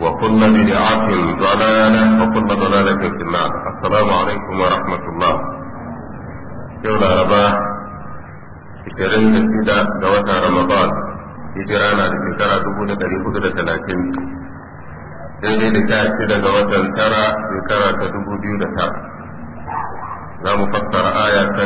وكل بدعة ضلالة وكل ضلالة في النار السلام عليكم ورحمة الله يوم الأربعاء ishirin da shida ga watan Ramadan hijira na da shekara dubu da ɗari hudu da talatin daidai da sha shida ga tara shekara dubu biyu da tara za mu fassara aya da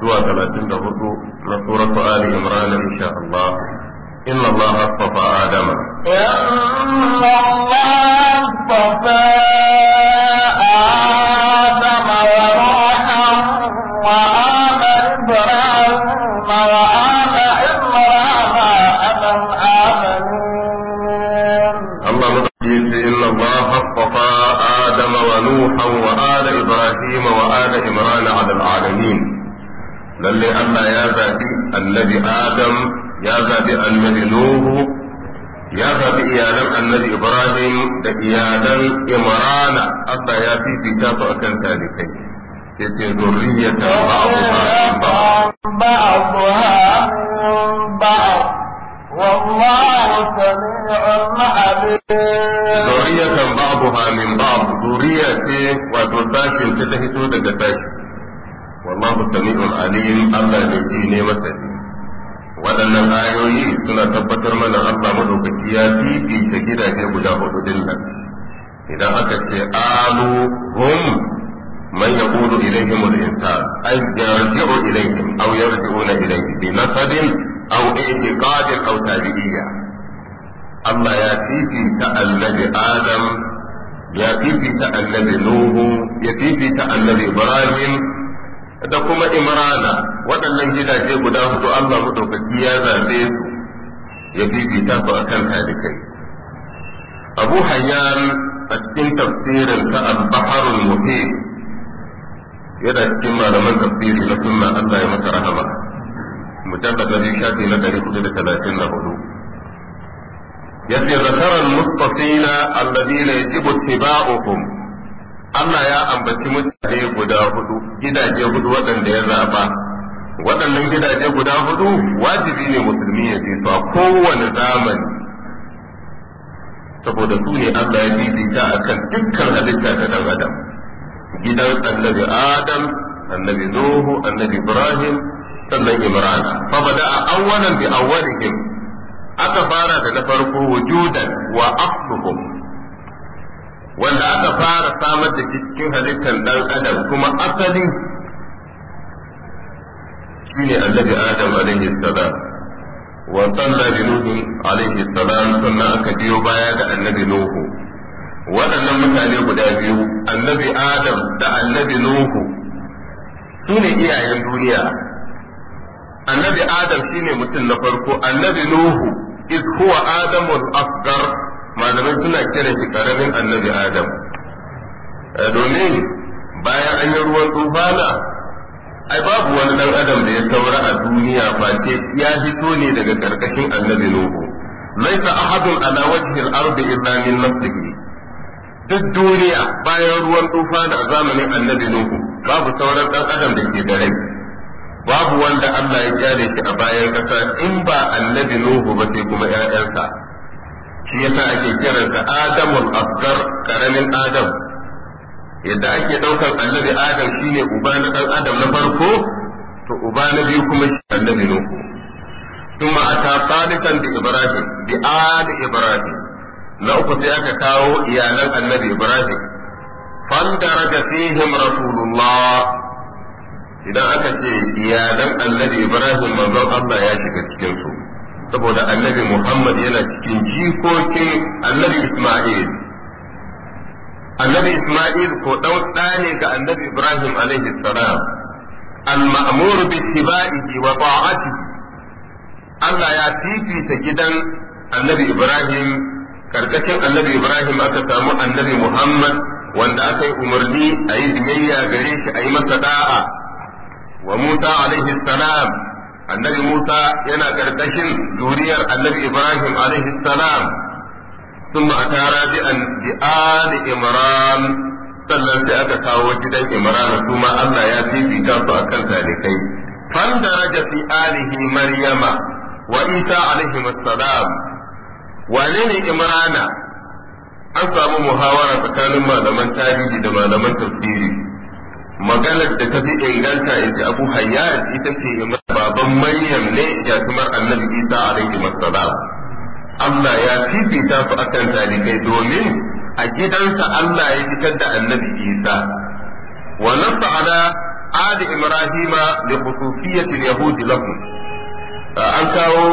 zuwa talatin da hudu na suratu Ali إن الله اصطفى آدم إن الله اصطفى آدم ونوحا وآل إبراهيم وآل إبراهيم على العالمين الله مجيد إن الله اصطفى آدم ونوحا وآل إبراهيم وآل إمران على العالمين للي لأن يا ذاتي الذي آدم ya zaɓi annabi nuhu ya zaɓi iyalan annabi ibrahim da iyalan imrana allah ya fifita su akan talikai yace zurriyatan ba'dha ba'dha والله سميع عليم ذرية بعضها من بعض ذرية وتتاش تتهتو دقتاش والله سميع عليم الله يجيني وسلي waɗannan ayoyi suna tabbatar mana Allah madaukaki ya fifita gidaje guda hudu din nan idan aka ce alu hum man yaqulu ilayhim al-insan ay yarji'u ilayhim aw yarji'una ilayhi bi nasabin aw i'tiqadin aw tabi'iyya Allah ya fifita annabi Adam ya fifita annabi Nuhu ya fifita annabi Ibrahim da kuma imrana waɗannan gidaje guda hudu Allah madaukaki ya zabe su ya bibita su akan kai. abu hayyan a cikin tafsirin ta al-baharul muhit yana cikin malaman tafsiri na sunna Allah ya masa rahama mujallad da shafi na 434 zakara al mustafina alladhina yajibu ittiba'uhum Allah ya ambaci mutane guda hudu gidaje hudu waɗanda ya zaɓa. waɗannan gidaje guda hudu wajibi ne musulmi ya je su a kowane zamani saboda su ne Allah ya bibita a kan dukkan halitta ta dan adam gidan annabi adam annabi nuhu annabi ibrahim sannan imran fa bada a awwalan bi awwalihim aka fara da na farko wujudan wa asluhum wanda aka fara samar da shi cikin halittar dan adam kuma asali shine annabi adam alaihi salam wa salla bi nuhu alaihi salam sannan aka biyo baya da annabi nuhu waɗannan mutane guda biyu annabi adam da annabi nuhu su ne iyayen duniya annabi adam shine mutum na farko annabi nuhu iz huwa adamul asghar malamai suna kiran shi karamin annabi adam eh, domin bayan an yi ruwan tufana ai babu wani dan adam da ya saura a duniya ce ya fito ne daga karkashin annabi nuhu laisa ahadun ala wajhi al-ardi illa min nafsihi duk duniya bayan ruwan tufana a zamanin annabi nuhu babu sauran ɗan adam da ke da rai babu wanda Allah ya kyale shi a bayan ƙasa in ba annabi nuhu ba sai kuma ƴaƴansa shi yasa ake kiransa adamul asgar karamin adam yadda ake daukar annabi adam shine uba na dan adam na farko to uba na biyu kuma shi annabi nuhu kuma ata salikan da ibrahim bi ali ibrahim na uku sai aka kawo iyalan annabi ibrahim fandaraja fihim rasulullah idan aka ce iyalan annabi ibrahim manzon Allah ya shiga cikin su saboda annabi Muhammad yana cikin jikokin annabi Ismail annabi Ismail ko ɗa ne ga annabi Ibrahim alaihi salam al-ma'mur bi tibaihi wa ta'atihi Allah ya fifita gidan annabi Ibrahim karkashin annabi Ibrahim aka samu annabi Muhammad wanda aka yi umarni a yi biyayya gare shi a yi masa da'a wa Musa alaihi salam annabi Musa yana ƙarƙashin zuriyar annabi Ibrahim alaihi salam sun ثم أتى راجعا بآل إمران sannan sai aka kawo gidan Imran su ma Allah ya fifita su akan talikai fan daraja fi alihi Maryama wa Isa alaihi salam wane ne Imrana an samu muhawara tsakanin malaman tarihi da malaman tafsiri maganar da ta fi inganta ya ce abu hayyar ita ce baban maryam ne ya kuma annabi isa a da wasallam Allah ya fifita su kan talibai domin a gidansa Allah ya fitar da annabi isa Wannan nasa adi ali da li yahudi lafi an kawo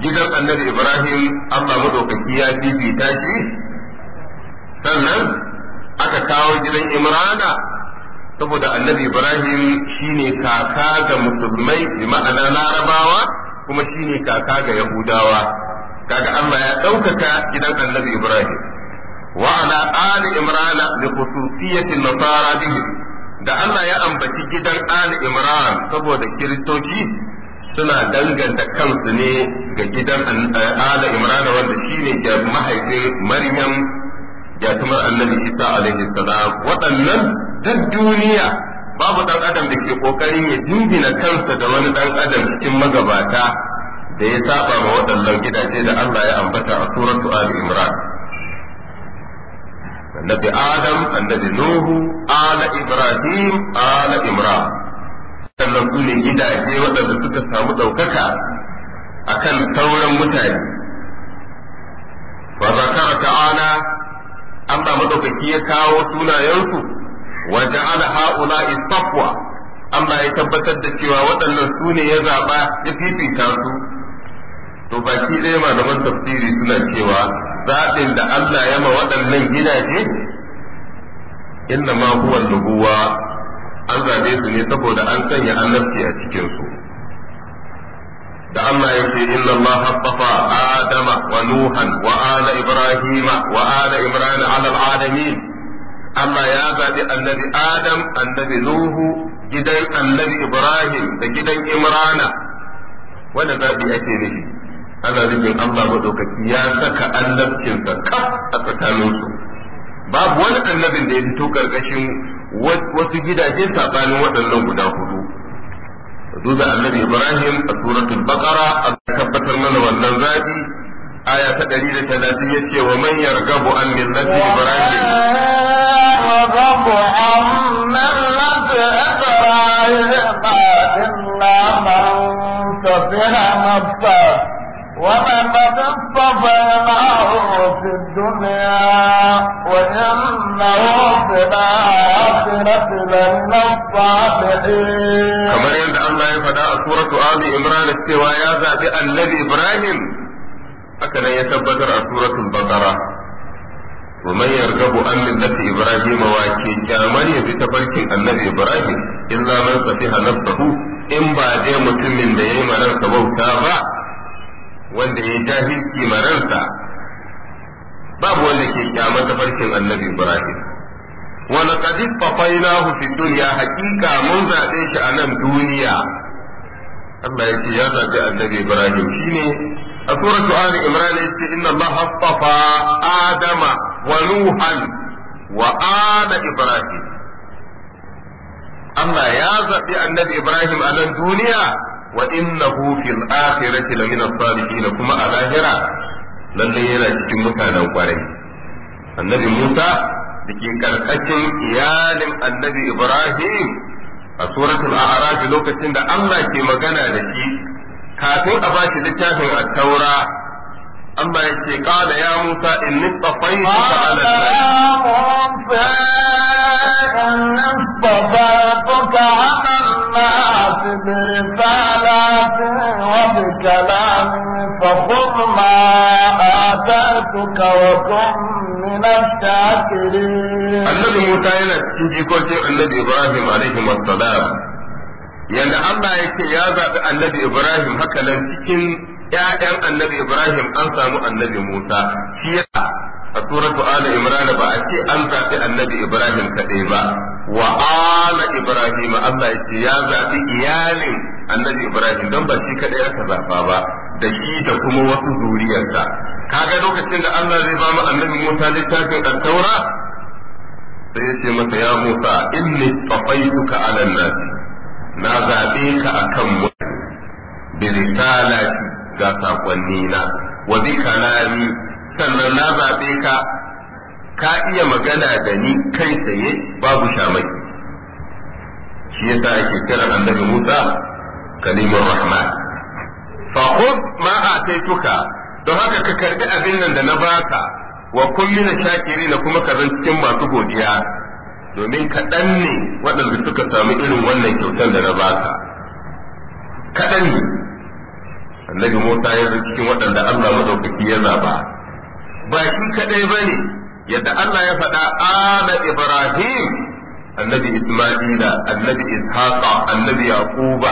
gidan annabi ibrahim Allah madaukaki ya fifita shi sannan aka kawo gidan imrana saboda annabi ibrahim shine kaka ga musulmai bi ma'ana larabawa kuma shine kaka ga yahudawa kaga Allah ya ɗaukaka gidan annabi ibrahim wa ala ali imran li khususiyati nasara bihi da Allah ya ambaci gidan ali imran saboda kiristoci suna danganta kansu ne ga gidan eh, ali imran wanda shine mahaifin maryam ya kamar annabi isa alaihi salam waɗannan duk duniya babu ɗan adam da ke ƙoƙarin ya jingina kansa da wani ɗan adam cikin magabata da ya saba ma waɗannan gidaje da Allah ya ambata a suratu Ali Imran annabi Adam annabi Nuhu ala Ibrahim ala Imran sannan su ne gidaje waɗanda suka samu ɗaukaka akan sauran mutane wa zakara Allah madaukaki ya kawo sunayensu wa ja'ala haula istaqwa Allah ya tabbatar da cewa waɗannan su ne ya zaba ya fifita su to baki ɗaya malaman tafsiri suna cewa zaɓin da Allah ya ma waɗannan gidaje inna ma huwa nubuwa an zaɓe su ne saboda an sanya annabci a cikin su da Allah ya ce inna Allah haffafa Adama wa Nuhan wa ala Ibrahima wa ala Ibrahim ala alamin Allah ya zaɓi annabi Adam annabi Nuhu gidan annabi Ibrahim da gidan Imrana wanda zabi yake ne ana rubin Allah maɗaukaki ya saka annabcin kaf a tsakaninsu babu wani annabin da ya fito ƙarƙashin wasu gidaje saɓanin waɗannan guda hudu duba annabi Ibrahim a suratul Baqara a tabbatar mana wannan zabi aya ta 130 yace wa man yargabu an millati Ibrahim wa rabu an millati Ibrahim illa man safira nafsahu ولقد اصطفيناه في الدنيا وإنه في الآخرة لمن الصالحين كما yadda Allah ya faɗa a suratu Ali Imran ذات الذي إبراهيم annabi Ibrahim سورة nan ومن يرغب أن ملة إبراهيم واكي كامل يبي تفركي النبي إبراهيم إلا من سفيها نفسه إن بعد يوم da ya yi ما ba wanda ya jahilci maransa babu wanda ke kyamar tafarkin annabi Ibrahim wa laqad na fi dunya haqiqa mun zabe shi a nan duniya Allah ya ce ya zabi annabi Ibrahim shine a suratu ali imran yace inna Allah haffafa adama wa nuhan wa ala ibrahim Allah ya zabi annabi Ibrahim a nan duniya wa innahu fil akhirati lamina salihin kuma a lahira lalle yana cikin mutanen kwarai annabi Musa da ƙarƙashin iyalin annabi Ibrahim a suratul a'raf lokacin da Allah ke magana da shi kafin a bashi littafin a taura اصطفيتك على الناس قال يا موسى inni اصطفيتك على الناس برسالاتي وبكلامي فخذ ما آتيتك وكن من الشاكرين. النبي موسى هنا تجيكوتي النبي ابراهيم عليهم السلام. يعني الله ya ce ya zaɓi annabi Ibrahim Yayan annabi Ibrahim an samu annabi Musa shi ya a suratu ala imran ba a ce an zafi annabi Ibrahim kaɗai ba wa ala Ibrahim Allah ya ce ya zafi iyalin annabi Ibrahim don ba shi kaɗai aka zaɓa ba da shi da kuma wasu zuriyarsa kaga lokacin da Allah zai ba annabi Musa littafin a taura sai ya ce masa ya Musa inni tsafaituka ala na zaɓe ka akan mutane bi risalati ga sakonni na wa bi kalami sannan na zabe ka ka iya magana da ni kai tsaye babu shamai shi yasa ake kiran annabi Musa kalimar rahman fa khudh ma ataituka don haka ka karbi abin nan da na baka wa kun na shakiri na kuma ka zan cikin masu godiya domin kaɗan ne waɗanda suka samu irin wannan kyautar da na baka kaɗan ne annabi Musa ya zo cikin waɗanda Allah madaukaki ya zaba ba shi kadai bane yadda Allah ya faɗa ala Ibrahim annabi Isma'ila annabi Ishaqa annabi Yaquba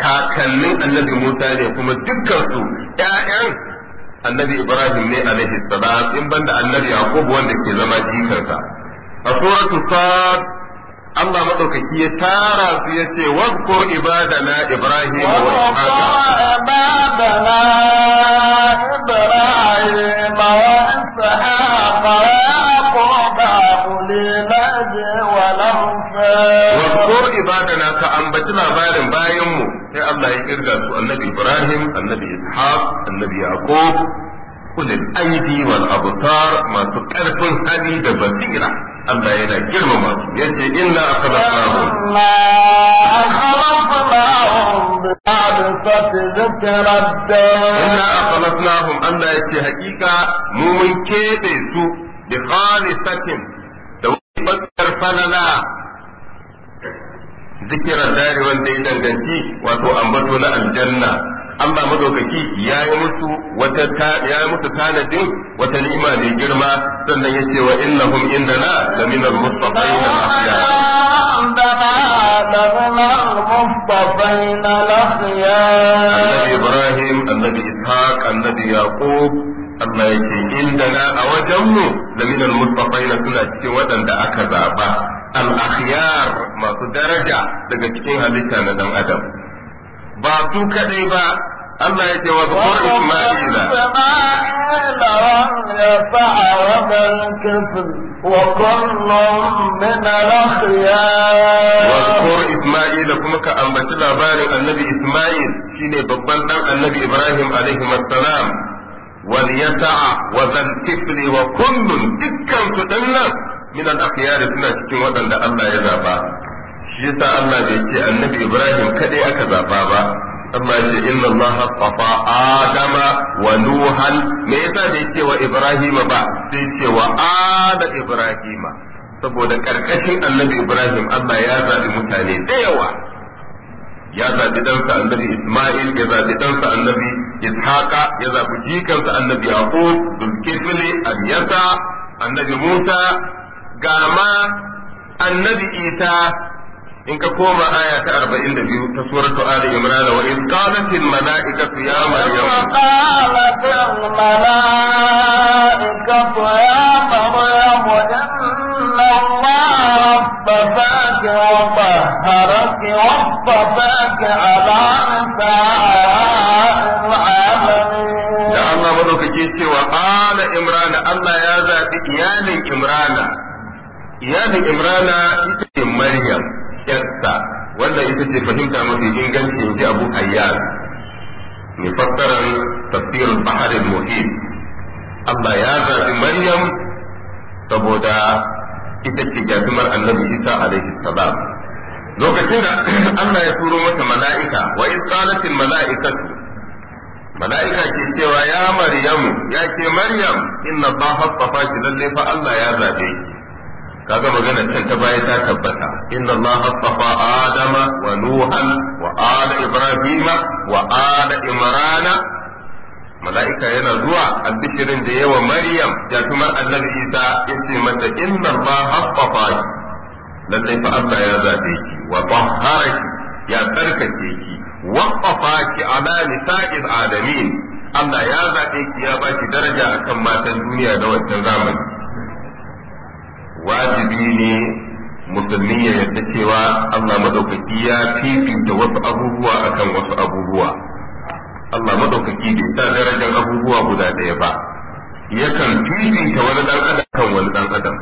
kakannin annabi Musa ne kuma dukkan su ƴaƴan annabi Ibrahim ne alaihi salam in banda annabi Yaqub wanda ke zama jikarsa a suratu Sad Allah madaukaki ya tara su ya ce ko ibadana ibrahim wa ibadana ibrahim wa ishaq wa yaqub ko ibadana ka ambaci labarin bayan mu sai Allah ya kirga su annabi ibrahim annabi ishaq annabi yaqub ulil aidi wal absar masu karfin hali da basira Allah yana girmama su yace inna akhlaqnahum ma akhlaqnahum bi absati zikrada inna akhlaqnahum Allah yace hakika mu mun kebe su bi khalisatin da wani bakar falala zikirar dare wanda ya danganci wato ambato na aljanna Allah madaukaki ya yi musu wata ya yi musu tanadin wata ni'ima mai girma sannan ya ce wa innahum indana la min al-mustafin al-akhyar annabi Ibrahim annabi Ishaq annabi Yaqub Allah ya ce indana a wajenmu la min al suna cikin waɗanda aka zaba al-akhyar masu daraja daga cikin halitta na dan adam ba su kadai ba Allah ya ce wa zukur Isma'ila wa kuma ka ambaci labarin annabi Isma'il shine babban dan annabi Ibrahim alaihi salam wal yata'a wa zal kifli wa kullun dukkan su dinnan min suna cikin waɗanda Allah ya zaɓa. shi yasa Allah bai ce annabi Ibrahim kadai aka zaba ba amma ce inna Allah tafa Adama wa Nuhan me yasa bai ce wa Ibrahim ba sai ce wa Ada Ibrahim saboda karkashin annabi Ibrahim Allah ya zabi mutane da yawa ya zabi ɗansa annabi Ismail ya zabi ɗansa annabi Ishaqa ya zabi jikansa annabi Yaqub Dulkifli Amyasa annabi Musa ga ma annabi Isa إن كما آية أربعين في سورة آل عمران وإذ قالت الملائكة يا مريم وإذ قالت الملائكة يا مريم إن الله ربك وطهرك وصفاك على نساء kace wa ala imran Allah ya zabi iyalin imrana iyalin يا ita ce maryam yarsa wanda ita ce fahimta mafi inganci in ji abu ayyar mai fassarar tafsirin baharin muhim Allah ya zaɓi Maryam saboda ita ce gyazumar annabi Isa alaihi salam lokacin da Allah ya turo mata mala'ika wa in qalatil mala'ikatu mala'ika ke cewa ya Maryamu ya ce Maryam inna ba haffafa ki lallai fa Allah ya zaɓe kaga magana can ta baya ta tabbata inna Allah astafa adama wa nuhan wa ala ibrahima wa ala imrana mala'ika yana zuwa albishirin da yawa maryam jatumar annabi isa yace mata inna Allah astafa lalle fa Allah ya zabe ki wa tahhara ya tsarkake ki waqafa ki ala nisa'il Adamin. Allah ya zabe ki ya baki daraja akan matan duniya da wancan zamani wajibi ne musulmi ya yarda cewa Allah madaukaki ya fifinta wasu abubuwa akan wasu abubuwa Allah madaukaki bai sa darajar abubuwa guda ɗaya ba yakan fifinta wani dan adam kan wani dan adam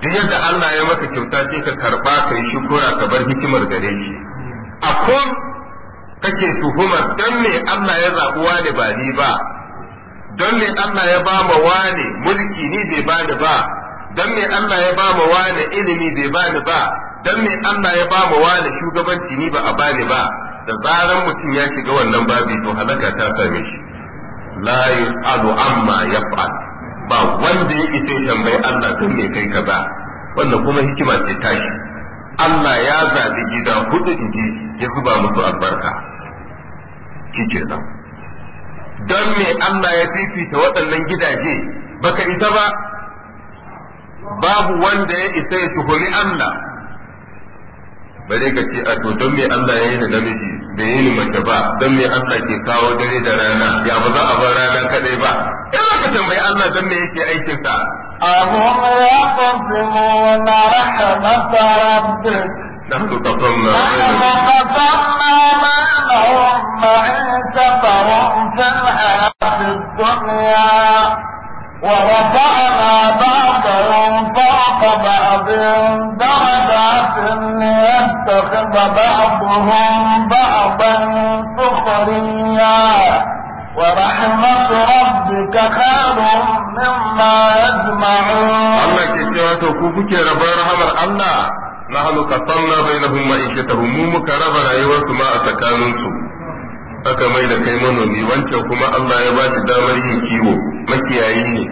duk yadda Allah ya maka kyauta sai ka karba kai shukura ka bar hikimar gare shi a kake tuhuma dan me Allah ya zaɓi wani ba ni ba don me Allah ya ba ma wani mulki ni bai bani ba dan me Allah ya ba mu wani ilimi bai bani ba dan me Allah ya ba mu wani shugabanci ni ba a bani ba da zaran mutum ya shiga wannan babi to halaka ta same shi la yus'alu amma yaf'al ba wanda ya isa tambayi Allah dan me kai kaza wannan kuma hikima ce tashi Allah ya zaɓi gida hudu inji ya zuba musu albarka kike nan don me Allah ya fifita waɗannan gidaje baka ita ba babu wanda ya isa ya tuhuri Allah ba zai ka ce a to don me Allah ya yi da namiji da yi mace ba don me Allah ke kawo dare da rana ya ba za a bar rana kadai ba in ka tambayi Allah don me yake aikin sa أهم يقسمون رحمة ربك نحن قطعنا نحن قطعنا بينهم معيشتهم في الحياة الدنيا ورفعنا بعضهم فوق بعض درجات ليتخذ بعضهم بعضا سخريا ورحمة ربك خير مما يجمعون الله كتابته كوكك ربا رحمة الله نحن قسمنا بينهم معيشتهم مو مكربا أيوة ما أتكالنتم aka mai da kai manomi wancan kuma Allah ya ba shi damar yin kiwo makiyayi ne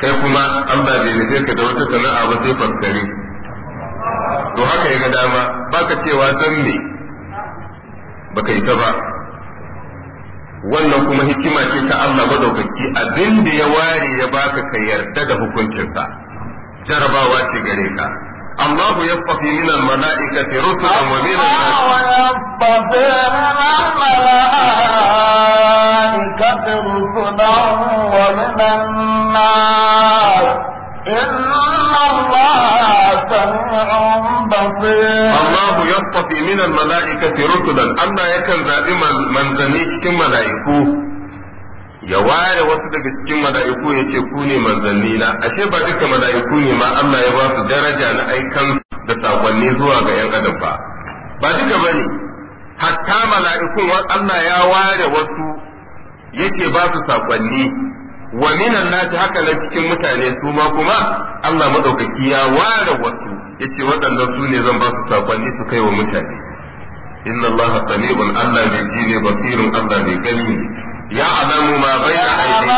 kai kuma Allah bai nufe ka da wata sana'a ba sai to haka ya ga dama baka cewa san me baka yi ta ba wannan kuma hikima ce ta Allah madaukaki abin da ya ware ya baka ka yarda da hukuncinsa jarabawa ce gare ka الله يصطفي من الملائكة رسلا ومن الناس الله يصطفي من الملائكة رسلا ومن الناس إن الله سميع بصير الله يصطفي من الملائكة رسلا أما يكن ذائما من زنيك ملائكوه ya ware wasu daga cikin mala'iku ya ce ku ne manzanni na ashe ba duka mala'iku ne ma Allah ya ba su daraja na aikan da sakonni zuwa ga yan adam ba ba duka bane hatta mala'ikun Allah ya ware wasu yake ba su sakonni wa minan nasi haka na cikin mutane su ma kuma Allah madaukaki ya ware wasu yace waɗanda su ne zan ba su sakonni su kai wa mutane inna Allah sami'un Allah ne ji ne basirun Allah mai gani ne يعلم ما بين أيديهم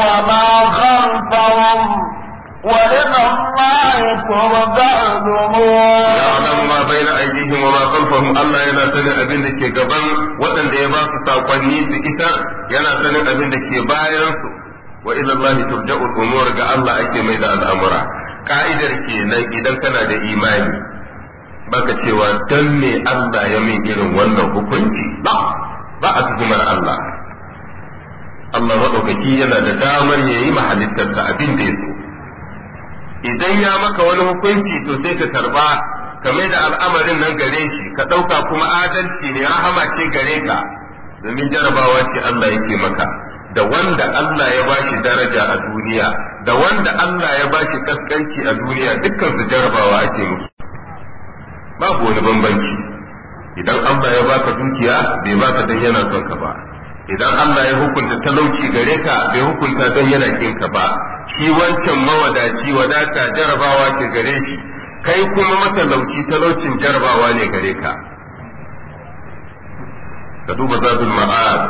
وما خلفهم وإلى الله ترجع الأمور يعلم ما بين أيديهم وما خلفهم الله yana sanin abin da ke gaban waɗanda ya ba su saƙonni su ita yana sanin abin da ke bayansu. su wa ila Allah turja'ul ga Allah ake mai da al'amura ka'idar kenan idan kana da imani baka cewa dan me Allah ya min irin wannan hukunci ba ba a tuhumar Allah Allah maɗaukaki yana da damar ya yi mahalittarsa abin da ya idan ya maka wani hukunci to sai ka tarba ka mai da al'amarin nan gare shi ka ɗauka kuma adalci ne rahama ce gare ka domin jarabawa ce Allah yake maka da wanda Allah ya ba shi daraja a duniya da wanda Allah ya ba shi kaskanci a duniya dukkan su jarabawa ake musu babu wani bambanci idan Allah ya baka dukiya bai baka dan yana son ka ba idan Allah ya hukunta talauci gare ka bai hukunta dan yana kin ka ba shi wancan mawadaci wadata jarabawa ke gare shi kai kuma matalauci talaucin jarabawa ne gare ka ka duba zabul ma'ad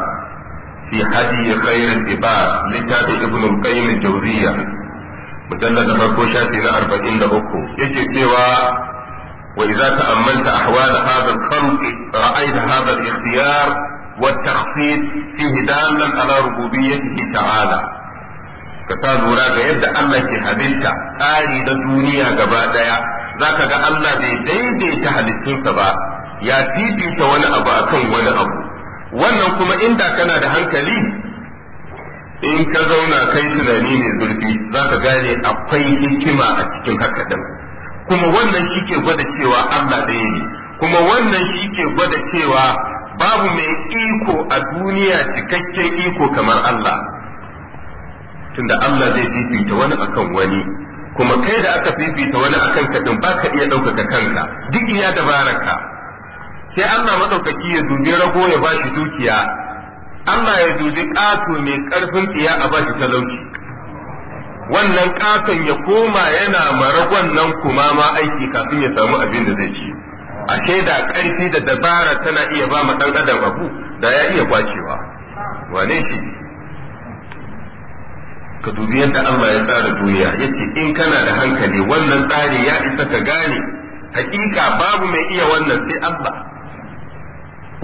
fi hadi khairul ibad litabi ibn al-qayyim al-jawziyya mujallad na farko shafi na 43 yake cewa وإذا تأملت أحوال هذا الخلق رأيت هذا الاختيار والتخصيص فيه دالا على ربوبيته تعالى ka lura ga yadda Allah ke halitta tsari na duniya gaba daya zaka ga Allah bai daidaita halittunsa ba ya fifita wani abu akan wani abu wannan kuma inda kana da hankali in ka zauna kai tunani ne zurfi zaka gane akwai hikima a cikin haka din kuma wannan shi ke gwada cewa Allah ɗaya ne kuma wannan shi ke gwada cewa babu mai iko a duniya cikakken iko kamar Allah tunda Allah zai fifita wani akan wani kuma kai da aka fifita wani akan ka din baka iya ɗaukaka kanka duk iya dabararka sai Allah madaukaki ya dubi rago ya bashi dukiya Allah ya dubi ƙato mai ƙarfin tsiya a bashi talauci wannan ƙaton ya koma yana maragon nan kuma ma aiki kafin ya samu abin da zai ci ashe da karfi da dabara tana iya ba ɗan adam abu da ya iya kwacewa wane shi ka dubi yadda Allah ya tsara duniya yace in kana da hankali wannan tsari ya isa ka gane hakika babu mai iya wannan sai Allah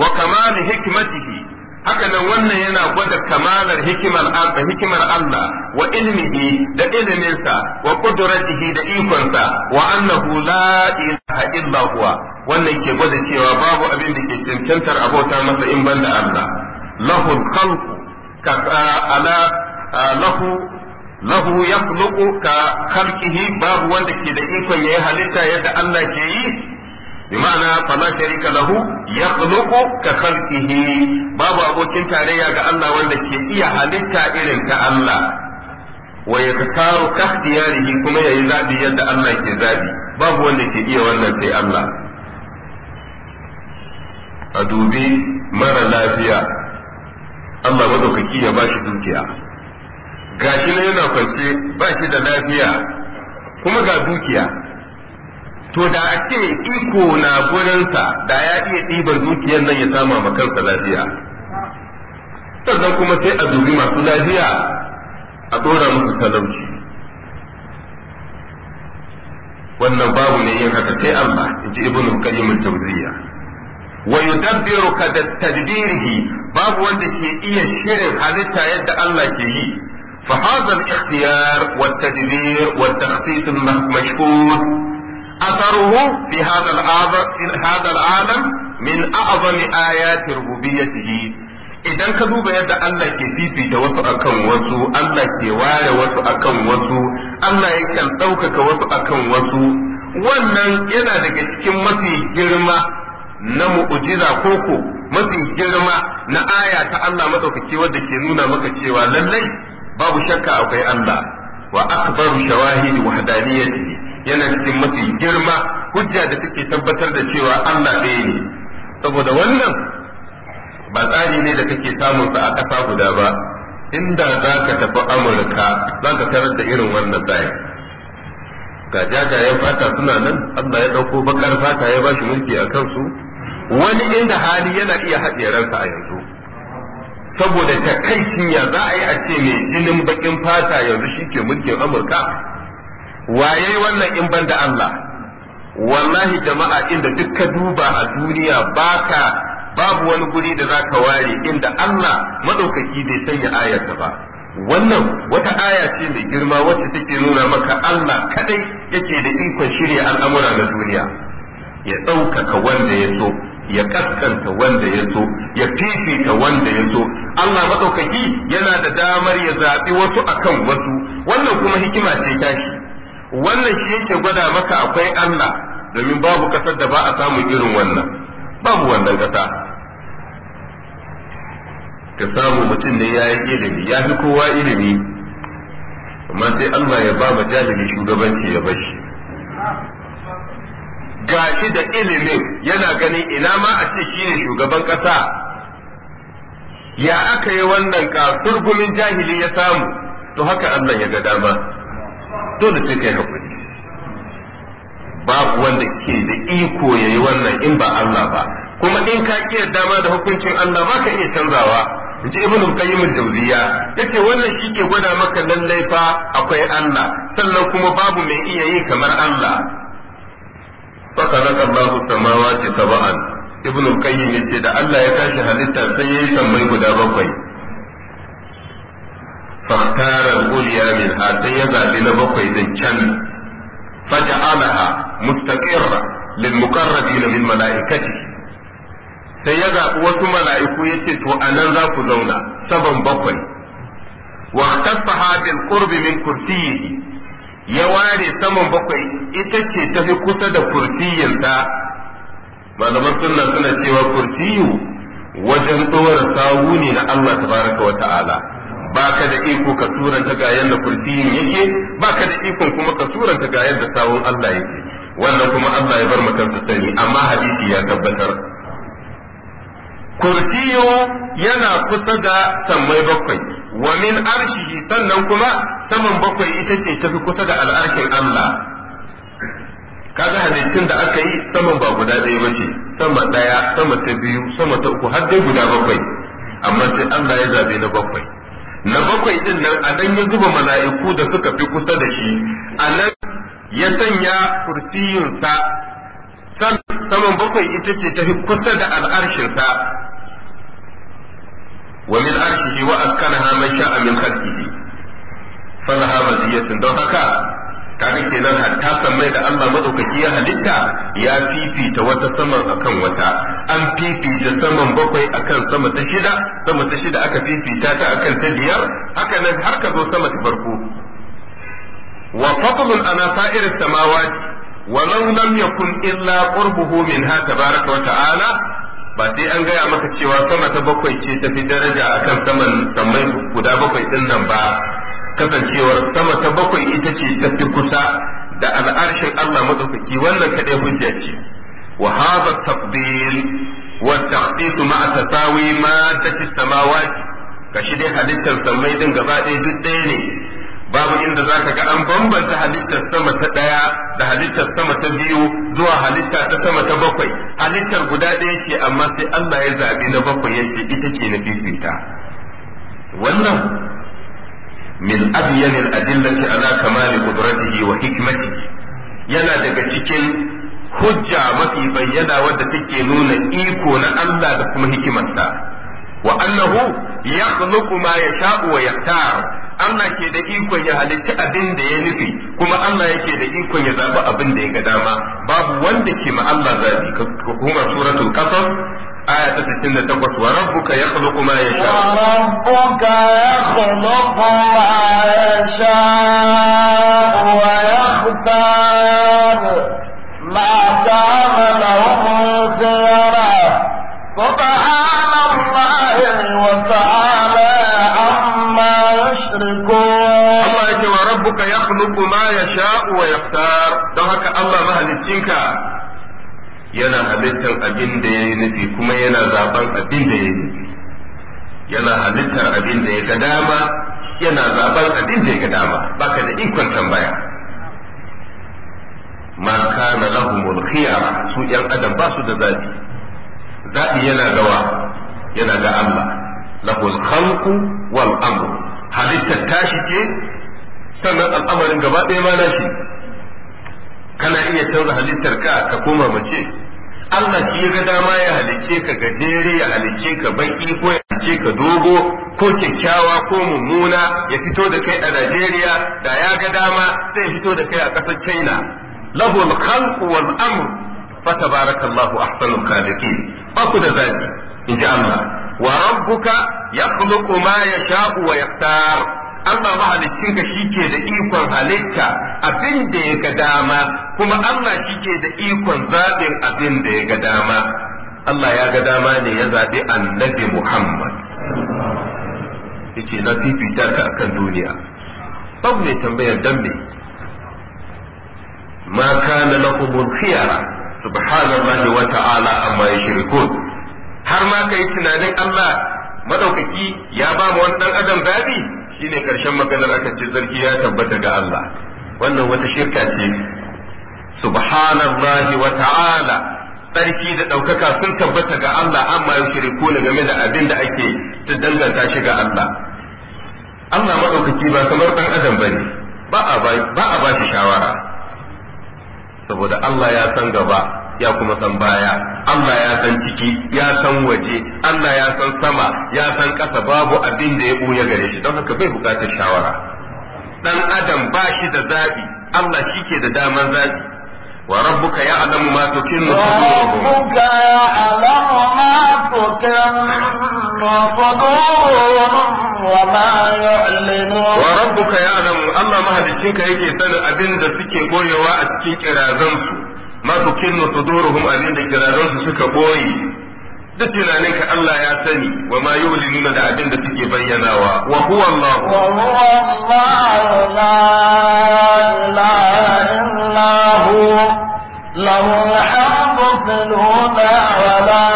wa kamal hikmatihi haka nan wannan yana gwada kamalar hikimar Allah hikimar Allah wa ilmihi da iliminsa wa qudratihi da ikonsa wa annahu la ilaha illa huwa wannan ke gwada cewa babu abin da ke cancantar abota masa in banda Allah lahu khalqu ka ala lahu lahu yakhluqu ka khalqihi babu wanda ke da ikon yayi halitta yadda Allah ke yi bima'ana fala sharika lahu yakhluqu ka khalqihi babu abokin tarayya ga Allah wanda ke iya halitta irin ta Allah wa yaktaru ka ikhtiyarihi kuma yayi zabi yadda Allah ke zabi babu wanda ke iya wannan sai Allah a dubi mara lafiya Allah madaukaki ya bashi dukiya gashi yana kwance ba shi da lafiya kuma ga dukiya to da a ce iko na gurinsa da ya iya ɗibar dukiyar nan ya sama ma kansa lafiya sannan kuma sai a dubi masu lafiya a ɗora musu talauci wannan babu ne yin haka sai Allah in ji ibnu qayyim al-jawziyya wa ka da tadbirihi babu wanda ke iya shirin halitta yadda Allah ke yi fa hadha al-ikhtiyar wa tadbir wa takhsis al-mashhud أثره في هذا العالم في هذا العالم من أعظم آيات ربوبيته idan ka duba yadda Allah ke fifita wasu akan wasu Allah ke ware wasu akan wasu Allah yakan ɗaukaka wasu akan wasu wannan yana daga cikin mafi girma na mu'ujiza koko mafi girma na aya ta Allah madaukaki wadda ke nuna maka cewa lallai babu shakka akwai Allah wa akbaru shawahidi wahdaniyyati yana cikin mafi girma hujja da take tabbatar da cewa Allah ɗaya ne saboda wannan ba tsari ne da kake samun sa a ƙasa guda ba inda za ka tafi Amurka za ka tarar da irin wannan tsari ga jajayen fata suna nan Allah ya ɗauko bakar fata ya ba shi mulki a kansu wani inda hali yana iya haɗe ransa a yanzu saboda ta kai ya za a yi a ce mai jinin bakin fata yanzu shi ke mulkin Amurka Wa waye wannan in ban da Allah wallahi jama'a inda dukka duba a duniya baka babu wani guri da zaka ware inda Allah madaukaki bai sanya ayarsa ba wannan wata aya ce mai girma wacce take nuna maka Allah kadai yake da ikon shirya al'amura na duniya ya ɗaukaka wanda ya so ya kaskanta wanda ya so ya fifita wanda ya so Allah maɗaukaki yana da damar ya zaɓi wasu akan wasu wannan kuma hikima ce tashi wannan shi yake gwada maka akwai Allah domin babu kasar da ba a samu irin wannan babu wannan kasa ka samu mutum ne ya yi ilimi ya fi kowa ilimi amma sai Allah ya ba ma jahili shugabanci ya bashi gashi da ilimin yana ganin ina ma a ce shine shugaban kasa ya aka yi wannan kasurgumin jahili ya samu to haka Allah ya ga dama dole sai kai hakuri babu wanda ke da iko yayi wannan in ba Allah ba kuma in ka kiyar dama da hukuncin Allah ba ka iya canzawa ji ibnu qayyim al-jawziya yace wannan shi ke gwada maka lallai fa akwai Allah sannan kuma babu mai iya yi kamar Allah fa kana Allahu samawati sab'an ibnu qayyim yace da Allah ya tashi halitta sai yayi sammai guda bakwai faktarar uliya min ha sai ya zaɓi na bakwai din can faja'alaha mustaqirra lil muqarrabina min malaikati sai ya wasu mala'iku yace to anan za ku zauna saban bakwai wa khaffaha bil qurbi min kursiyyi saman bakwai ita ce ta fi kusa da kursiyinta malaman suna cewa kursiyu wajen dora ne na Allah tabaraka baka da iko ka suranta ga yanda kurdiyin yake baka da iko kuma ka ta ga yanda sawun Allah yake wannan kuma Allah ya bar maka sani amma hadisi ya tabbatar kurdiyo yana kusa da sammai bakwai wa min arshihi sannan kuma saman bakwai ita ce tafi kusa da al'arshin Allah kaga hadisin da aka yi saman ba guda ɗaya ba ce sama ɗaya sama ta biyu sama ta uku har dai guda bakwai amma sai Allah ya zabe na bakwai na bakwai din nan a nan ya zuba mala'iku da suka fi kusa da shi a nan ya sanya kursiyinsa saman bakwai ita ce ta fi kusa da al'arshinsa wa min arshihi wa askanaha man sha'a min khalqihi falaha maziyatin don haka kaga kenan hatta mai da Allah madaukaki ya halitta ya fifita wata saman akan wata an fifita saman bakwai akan sama ta shida sama ta shida aka fifita ta akan ta biyar haka nan har ka zo sama ta farko wa fadlun ana sa'ir samawati law lam yakun illa qurbuhu minha tabaraka wa ta'ala ba sai an gaya maka cewa sama ta bakwai ce ta fi daraja akan saman sammai guda bakwai din nan ba kasancewar sama ta bakwai ita ce ta fi kusa da al'arshin Allah madaukaki wannan kadai hujja ce wa hadha taqdil wa taqdis ma tasawi ma tati samawati kashi dai halittar samai din gaba ɗaya duk ɗaya ne babu inda zaka ga an bambanta halittar sama ta ɗaya da halittar sama ta biyu zuwa halitta ta sama ta bakwai halittar guda ɗaya ce amma sai Allah ya zabi na bakwai yake ita ce na bibinta wannan min abyan al-adillati ala kamali qudratihi wa hikmatihi yana daga cikin hujja mafi bayyana wadda take nuna iko na Allah da kuma hikimarsa wa annahu yakhluqu ma yasha'u wa yaktar Allah ke da ikon ya halitta abin da ya nufi kuma Allah yake da ikon ya zaɓi abin da ya ga dama babu wanda ke ma Allah zaɓi kuma suratul qasas آية 68 وربك يخلق ما يشاء وربك يخلق ما يشاء ويختار ما كان لهم خيرا سبحان الله وتعالى عما يشركون الله يقول وربك يخلق ما يشاء ويختار ده الله مهل التنكار yana halittar abin da ya yi nufi kuma yana zaben abin da ya yi nufi yana halittar abin da ya ga dama yana zaben abin da ya ga dama baka da ikon tambaya ma kana lahu khiyara su yan adam ba su da zabi zabi yana gawa yana ga Allah lahul khalqu wal amru halittar tashi ce sannan al'amarin gaba ɗaya ma nashi kana iya canza halittar ka ka koma mace Allah shi ga dama ya halicce ka gajere ya halicce ka baki ko ya halicce ka dogo ko kyakkyawa ko mummuna ya fito da kai a Najeriya da ya ga dama zai fito da kai a ƙasar China lahu al-khalqu wal amr fa tabarakallahu ahsanu khaliqin ba ku da zabi inji Allah wa rabbuka yakhluqu ma yasha'u wa yaqtar Allah mahalicin ka shi ke da ikon halitta abin da ya ga dama kuma Allah shi ke da ikon zaɓin abin da ya ga dama Allah ya ga dama ne ya zaɓi annabi Muhammad yake na fifita ka akan duniya babu mai tambayar dambe ma kana lahumul khiyara subhanallahi wa ta'ala amma yushrikun har ma kai tunanin Allah madaukaki ya ba mu wani adam zabi shine karshen maganar aka ce zargi ya tabbata ga Allah wannan wata shirka ce subhanallahi wa ta'ala tsarki da ɗaukaka sun tabbata ga Allah amma ya shiriku ne game da abin da ake ta danganta shi ga Allah Allah maɗaukaki ba kamar ɗan adam ba ba a ba shi shawara saboda Allah ya san gaba ya kuma san baya Allah ya san ciki ya san waje Allah ya san sama ya san ƙasa babu abin da ya buya gare shi don haka bai buƙatar shawara Dan adam ba shi da zaɓi Allah shi ke da damar zaɓi wa rabbuka ya alamu ma to kin mu rabbuka ya alamu ma to kin mu fadur wa ma yu'linu wa rabbuka ya alamu Allah mahadicin ka yake sanin abin da suke goyewa a cikin kirazan ma su tukinnu suduruhum abin da kirarun su suka boye duk tunanin ka Allah ya sani wa ma yulinuna da abin da suke bayyanawa wa huwa Allah wa huwa Allah la ilaha illa hu lahu al-hamdu fil huda wa la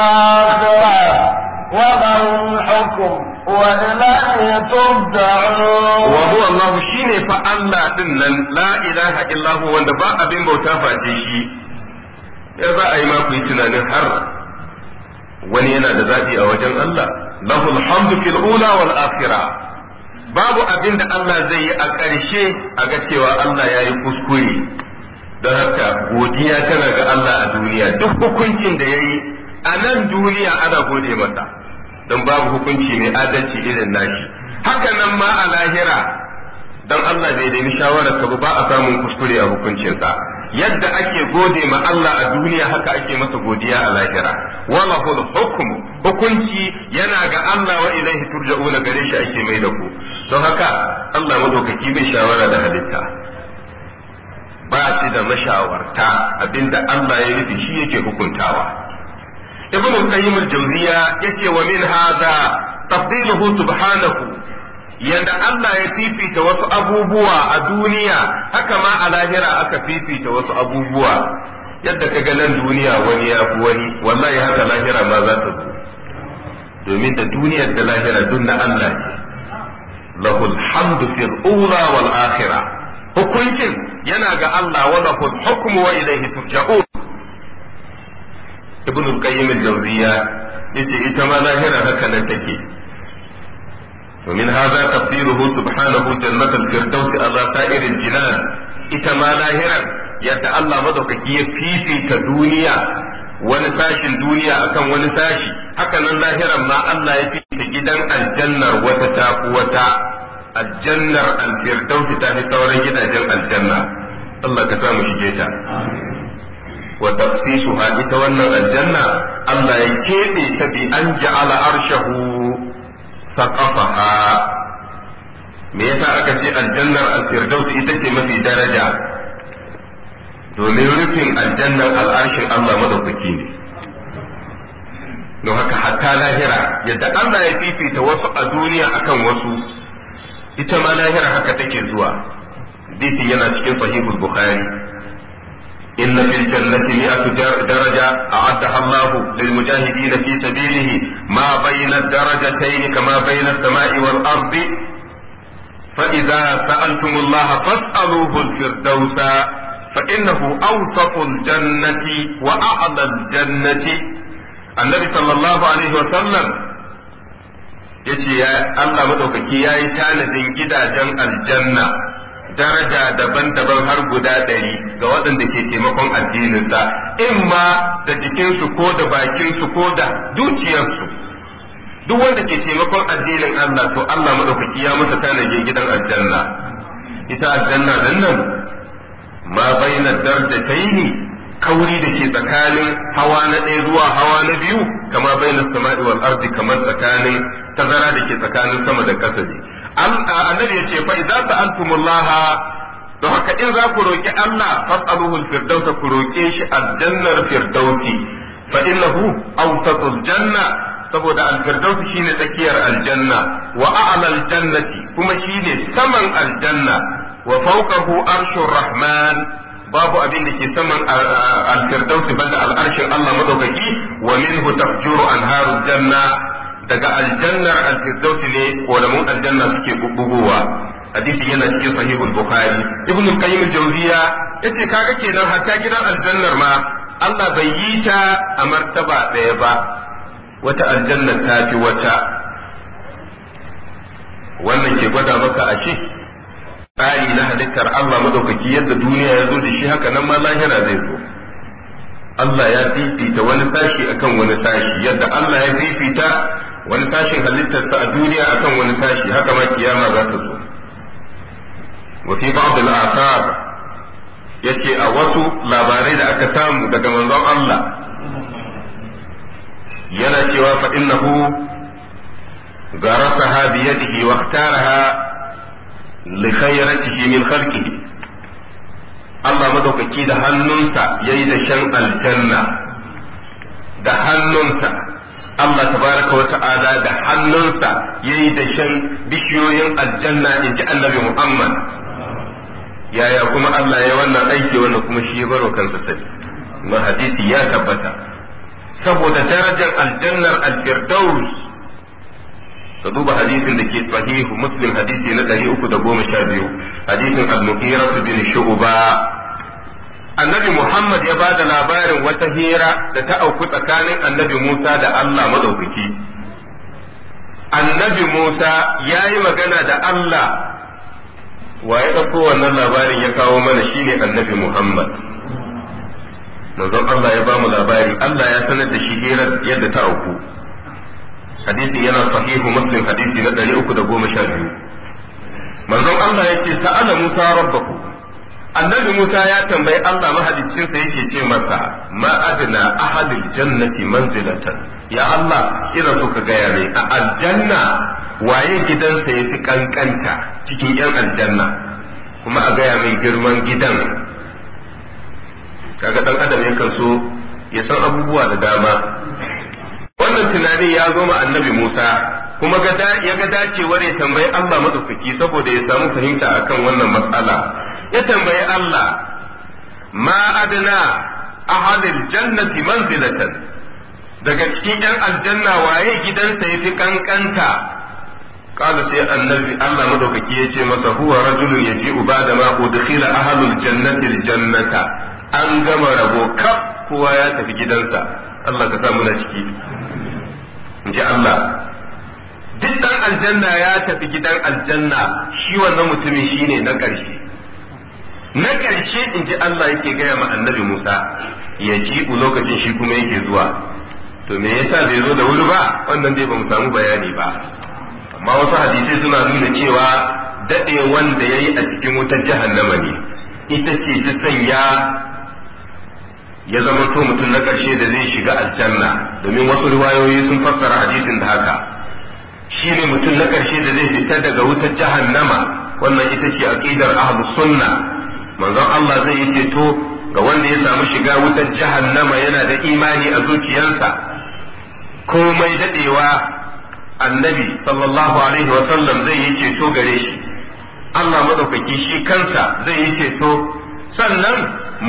wa lahu al-hukm وهو الله شيني فألا إن لا إله إلا هو وأن بعد بين بوتا فاتيشي ya za a yi ma ku yi tunanin har wani yana da zaɓi a wajen Allah lahul hamdu fil ula wal akhira babu abin da Allah zai yi a ƙarshe a ga cewa Allah ya yi kuskure don haka godiya tana ga Allah a duniya duk hukuncin da ya yi a nan duniya ana gode masa don babu hukunci mai adalci irin nashi haka nan ma a lahira don Allah bai da shawarar ka ba a samun kuskure a hukuncinsa yadda ake gode ma Allah a duniya haka ake masa godiya a lahira wala hul hukm hukunci yana ga Allah wa ilaihi turja'una gare shi ake mai da ku don haka Allah madaukaki bai shawara da halitta ba shi da mashawarta abinda Allah ya nufi shi yake hukuntawa ibnu qayyim al-jawziya yace wa min hadha tafdiluhu subhanahu yanda Allah ya fifita wasu abubuwa a duniya haka ma a lahira aka fifita wasu abubuwa yadda ka nan duniya wani ya fi wani wallahi haka lahira ma za ta zo domin da duniyar da lahira duk na Allah ne lahul hamdu fil ula wal akhirah hukuncin yana ga Allah wa lahul hukmu wa ilayhi turja'un ibnu qayyim al-jawziyya yace ita ma lahira haka nan take ومن هذا تفسيره سبحانه جنة الفردوس على سائر الجنان ita ma lahira yadda Allah madaukaki ya fifita duniya wani sashin duniya akan wani sashi haka nan lahiran ma Allah ya fifita gidan aljannar wata tafi wata aljannar alfirdausi ta fi sauran gidajen aljanna Allah ka samu shige ta wa wannan aljanna Allah ya keɓe ta an arshahu saqafaha me yasa aka ce aljannar al-firdaus ita ce mafi daraja domin rufin aljannar al'arshin Allah madaukaki ne don haka hatta lahira yadda Allah ya fifita wasu a duniya akan wasu ita ma lahira haka take zuwa hadisin yana cikin sahihul bukhari إن في الجنة مئة درجة أعدها الله للمجاهدين في سبيله ما بين الدرجتين كما بين السماء والأرض فإذا سألتم الله فاسألوه الفردوس فإنه أوسط الجنة وأعلى الجنة النبي صلى الله عليه وسلم yace ya Allah madaukaki yayi tanadin gidajen aljanna daraja daban-daban har guda ɗari ga waɗanda ke taimakon addininsa in ma da jikinsu ko da bakinsu ko da dukiyarsu duk wanda ke taimakon addinin Allah to Allah maɗaukaki ya masa tanaje gidan aljanna ita aljanna nan nan ma ta yi ne, kauri da ke tsakanin hawa na ɗaya zuwa hawa na biyu kama bayyana sama'i wal kamar tsakanin tazara da ke tsakanin sama da kasa ne annabi yace fa idza sa'altumullaha don haka in za ku roki Allah fas'aluhu firdausa ku roke shi aljannar firdausi fa innahu awsatul janna saboda alfirdausi shine tsakiyar aljanna wa a'la jannati kuma shine saman aljanna wa fawqahu arshur rahman babu abin da ke saman alfirdausi banda al'arshin Allah madaukaki wa minhu tafjuru anharu janna daga aljannar alfirdausi ne ƙoramin aljanna suke bubbugowa hadisi yana cikin sahihul bukhari ibnu qayyim jawziya yace kaga kenan hatta gidan aljannar ma Allah bai yi ta a martaba daya ba wata aljannar ta fi wata wannan ke gwada maka a ce tsari na halittar Allah madaukaki yadda duniya ya zo da shi haka nan ma lahira zai zo Allah ya fifita wani sashi akan wani sashi yadda Allah ya fifita wani tashin halittarsa a duniya akan wani tashi haka ma kiyama za ta zo wa fi ba'd al-athar yace a wasu labarai da aka samu daga manzon Allah yana cewa fa innahu garasaha bi yadihi wa ikhtaraha li khayratihi min khalqihi Allah madaukaki da hannunsa yayi da shan aljanna da hannunsa Allah tabaraka wa ta'ala da hannunsa yayi dashen bishiyoyin aljanna inji annabi Muhammad yaya kuma Allah ya wannan aiki wannan kuma shi ya baro kansa sai ma hadisi ya tabbata saboda darajar aljannar al ka duba hadisin da ke sahihu muslim hadisi na 312 hadisin al-mughira bin shu'ba annabi Muhammad ya ba da labarin wata hira da ta auku tsakanin annabi Musa da Allah madaukaki. Annabi Musa ya yi magana da Allah wa ya ɗauko wannan labarin ya kawo mana shine annabi Muhammad. Mazan Allah ya ba mu labari, Allah ya sanar da shi hirar yadda ta auku. Hadisi yana sahihu Muslim hadisi na 312. Mazan Allah ya ce, Sa'ala Musa rabbaku annabi Musa ya tambayi Allah mahaliccinsa yake ce masa ma adna ahadil jannati manzilatan ya Allah ina so ka gaya ne a aljanna waye gidansa ya fi kankanta cikin yan aljanna kuma a gaya mai girman gidan kaga dan adam yakan so ya san abubuwa da dama wannan tunanin ya zo ma annabi Musa kuma ya ga dacewar ya tambayi Allah madaukaki saboda ya samu fahimta akan wannan matsala ya tambayi Allah ma a halin jannati manzilatan daga cikin yan aljanna waye gidansa yafi kankanta قال سي النبي الله مدوكي يجي uba هو رجل يجيء بعد ما أدخل أهل الجنة الجنة gama rabo ربو كف ya tafi في جدنسا الله sa muna ciki. الله duk dan aljanna ya tafi gidan aljanna shi wannan mutumin shine na ƙarshe na ƙarshe in ji Allah yake gaya ma annabi Musa ya ji lokacin shi kuma yake zuwa to me yasa bai zo da wuri ba wannan dai ba mu samu bayani ba amma wasu hadisai suna nuna cewa daɗe wanda ya a cikin wutar jahannama ne ita ce ta sanya ya zama to mutum na ƙarshe da zai shiga aljanna domin wasu riwayoyi sun fassara hadisin da haka shi ne mutum na ƙarshe da zai fita daga wutar jahannama wannan ita ce aqidar ahlus sunna manzon Allah zai yi ceto ga wanda ya samu shiga wutar jahannama yana da imani a zuciyarsa komai dadewa annabi sallallahu alaihi wa sallam zai yi ceto gare shi Allah madaukaki shi kansa zai yi ceto sannan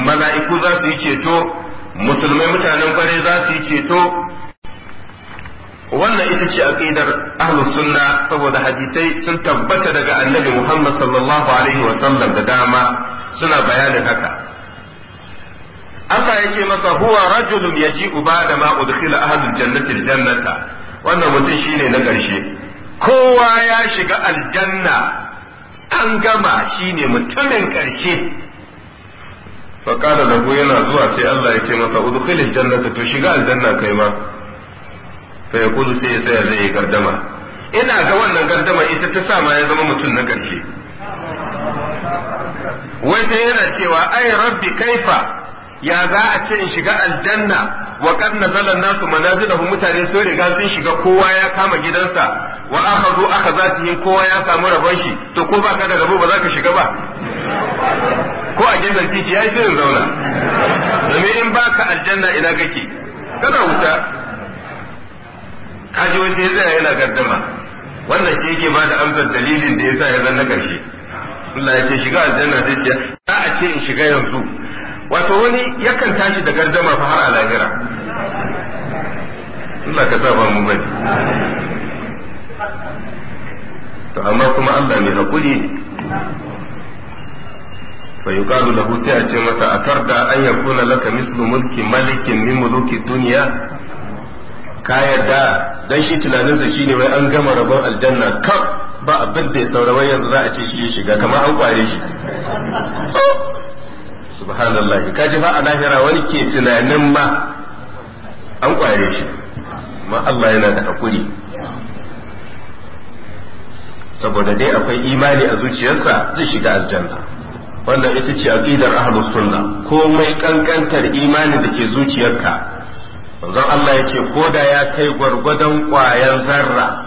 mala'iku za su yi ceto musulmai mutanen kware za su yi ceto wannan ita ce aqidar ahlus sunna saboda hadisai sun tabbata daga annabi Muhammad sallallahu alaihi wa sallam da dama suna bayanin haka Allah yake masa huwa rajulun yaji da ma udkhila ahlul jannati aljannata wannan mutum shine na ƙarshe kowa ya shiga aljanna an gama shine mutumin karshe fa lahu yana zuwa sai Allah yake masa udkhil aljannata to shiga aljanna kai ma fa yaqulu sai sai zai gardama ina ga wannan gardama ita ta sa ma ya zama mutum na karshe wai sai yana cewa ai rabbi kaifa ya za a ce in shiga aljanna wa qad nazala nasu manazilahum mutane sun riga sun shiga kowa ya kama gidansa wa akhadhu akhazatihim kowa ya samu rabon shi to ko ba ka da rabo ba za ka shiga ba ko a gefen titi yayi sai zauna domin in baka aljanna ina kake Kada wuta kaji wanda ya tsaya yana gardama wannan shi yake ba da amsar dalilin da ya sa ya zanna karshe Rasulullah ya ce shiga aljanna zai ce za a ce in shiga yanzu wato wani yakan tashi da gardama fa har a lahira Allah ka saba mu bai to amma kuma Allah ne hakuri fa yuqalu lahu sai a ce masa atarda an yakuna laka mislu mulki malikin min muluki dunya ka yarda dan shi tunaninsa shine wai an gama rabon aljanna kaf ba abin da ya saura wai yanzu za a ce shi ya shiga kamar an kware shi subhanallah ka ji fa a lahira wani ke tunanin ma an kware shi amma Allah yana da hakuri saboda dai akwai imani a zuciyarsa zai shiga aljanna wannan ita ce aqidar ahlus sunna komai kankantar imanin da ke zuciyarka manzon Allah ya ce ko da ya kai gwargwadon kwayan zarra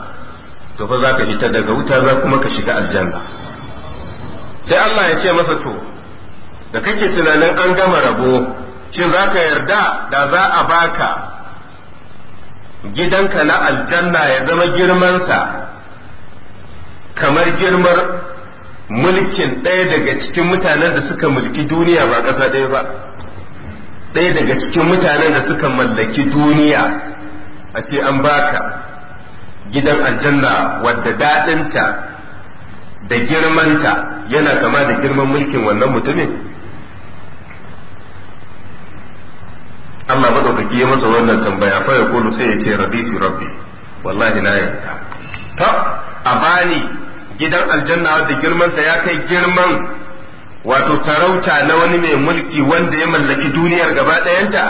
to fa za ka fita daga wuta za kuma ka shiga aljanna sai Allah ya ce masa to da kake tunanin an gama rabo shin za ka yarda da za a baka gidanka na aljanna ya zama girmansa kamar girmar mulkin ɗaya daga cikin mutanen da suka mulki duniya ba ƙasa ɗaya ba ɗaya daga cikin mutanen da suka mallaki duniya a ce an baka gidan aljanna wadda daɗinta da girmanta yana kama da girman mulkin wannan mutumin Allah madaukaki ya masa wannan tambaya fa ya kulu sai ya ce raditu rabbi wallahi na yarda to a bani gidan aljanna wadda girmansa ya kai girman wato sarauta na wani mai mulki wanda ya mallaki duniyar gaba ɗayanta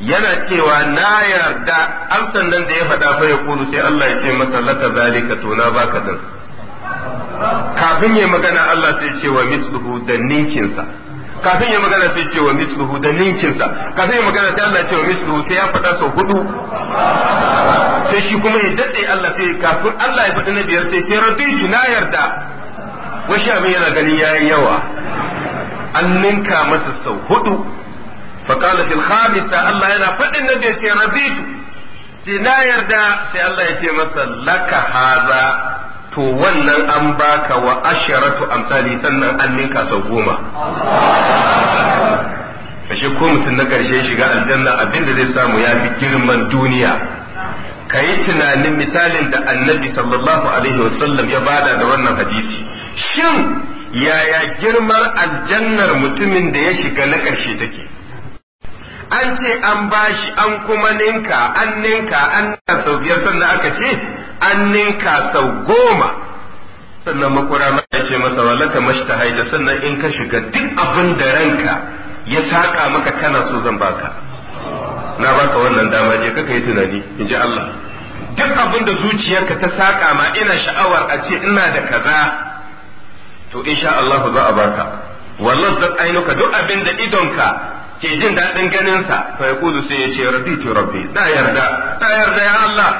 yana cewa na yarda amsan nan da ya faɗa fa ya kulu sai Allah ya ce masa laka zalika to na baka din kafin ya magana Allah sai ya ce wa misluhu da sa kafin ya magana sai ya ce wa misluhu da sa kafin ya magana sai Allah ya ce wa misluhu sai ya faɗa sau hudu sai shi kuma ya daɗe Allah sai kafin Allah ya faɗi na biyar sai sai raditu na yarda wasu abin yana ganin yayi yawa an ninka masa sau hudu فقال في الخامسة الله أنا فإن نبي رضيت yarda sai Allah ya يتي masa لك هذا to wannan an baka wa asharatu amsali sannan an ninka sau goma kashe ko mutum na karshe shiga aljanna abinda zai samu ya fi girman duniya ka yi tunanin misalin da annabi sallallahu alaihi wasallam ya bada da wannan hadisi shin yaya girmar aljannar mutumin da ya shiga na karshe take an ce an bashi an kuma ninka an ninka an ninka sau biyar sannan aka ce an ninka sau goma sannan makura ma ya ce masa walaka ta haida sannan in ka shiga duk abin da ranka ya saƙa maka kana so zan baka na baka wannan dama je kaka yi tunani in ji Allah duk abin da zuciyarka ta saƙa ma ina sha'awar a ce ina da kaza to insha Allah za a baka wallahi zan ainuka duk abin da idonka ke jin daɗin ganinsa fa ya kudu sai ya ce tu rabbi na yarda da yarda ya Allah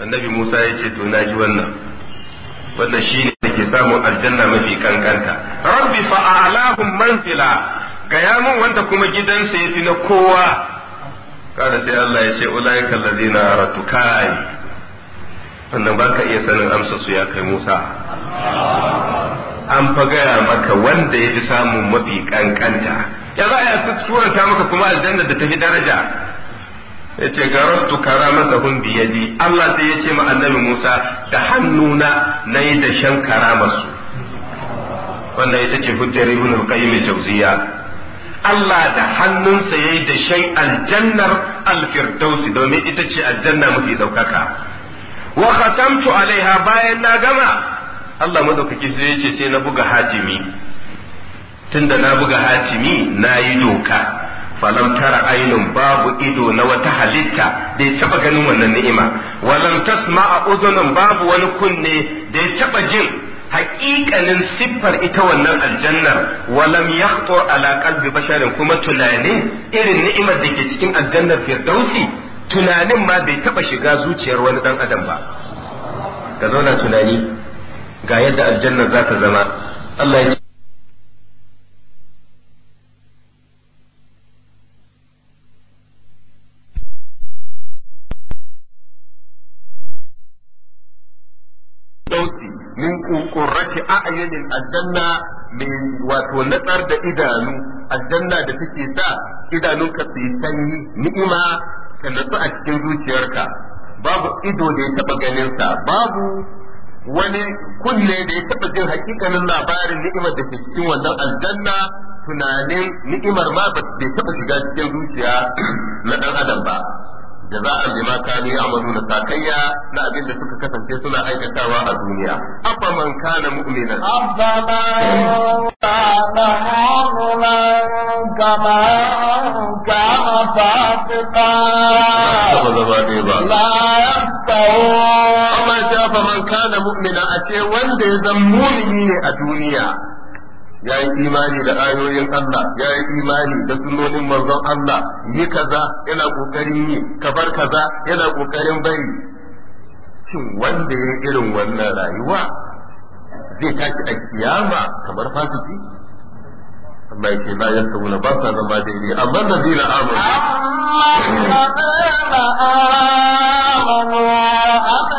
annabi Musa ya ce to na ji wannan wannan shi ne samun aljanna mafi kankanta rabbi fa a'lahum manzila gaya mun wanda kuma gidansa ya fi na kowa kada sai Allah ya ce ulaika allazina ratukai wannan baka iya sanin amsa su ya kai Musa an fa gaya maka wanda ya fi samun mafi kankanta ya za a yi maka kuma aljanna da ta fi daraja ya ce garastu karamatahum biyadi Allah sai ya ce ma annabi Musa da hannuna na yi da shan karamarsu Wanda ita ce hujjar ibn al-qayyim jawziya Allah da hannunsa yayi da shan aljannar al-firdausi domin ita ce aljanna mafi daukaka wa khatamtu alaiha bayan na gama Allah madaukaki sai ya ce sai na buga hatimi tunda na buga hatimi na yi doka falam tara ainun babu ido na wata halitta da ya taba ganin wannan ni'ima walam tasma a uzunun babu wani kunne da ya taba jin haƙiƙanin siffar ita wannan aljannar walam yahtur ala qalbi basharin kuma tunanin irin ni'imar da ke cikin aljannar firdausi tunanin ma bai taba shiga zuciyar wani dan adam ba ka zauna tunani ga yadda aljanna za ta zama Allah ya min a a'yunil aljanna min wato natsar da idanu aljanna da take sa idanunka su yi sanyi ni'ima ka natsu a cikin zuciyarka babu ido da ya taba ganin sa babu wani kunne da ya taɓa jin hakikanin labarin ni'imar da ke cikin wannan aljanna tunanin ni'imar ma bai taɓa shiga cikin zuciya na ɗan adam ba jaza'an bima kanu ya'maluna sakayya na abinda suka kasance suna aikatawa a duniya afa man kana mu'mina afa man kama kama fasiqa ba zama ne ba la amma ta fa a ce wanda zan ne a duniya ya yi imani da ayoyin Allah ya yi imani da sunnonin manzon Allah yi kaza yana kokarin yi bar kaza yana kokarin bari shin wanda ya irin wannan rayuwa zai tashi a kiyama kamar fasiki amma yake ba sa zama daidai amma da zina amanu amma da zina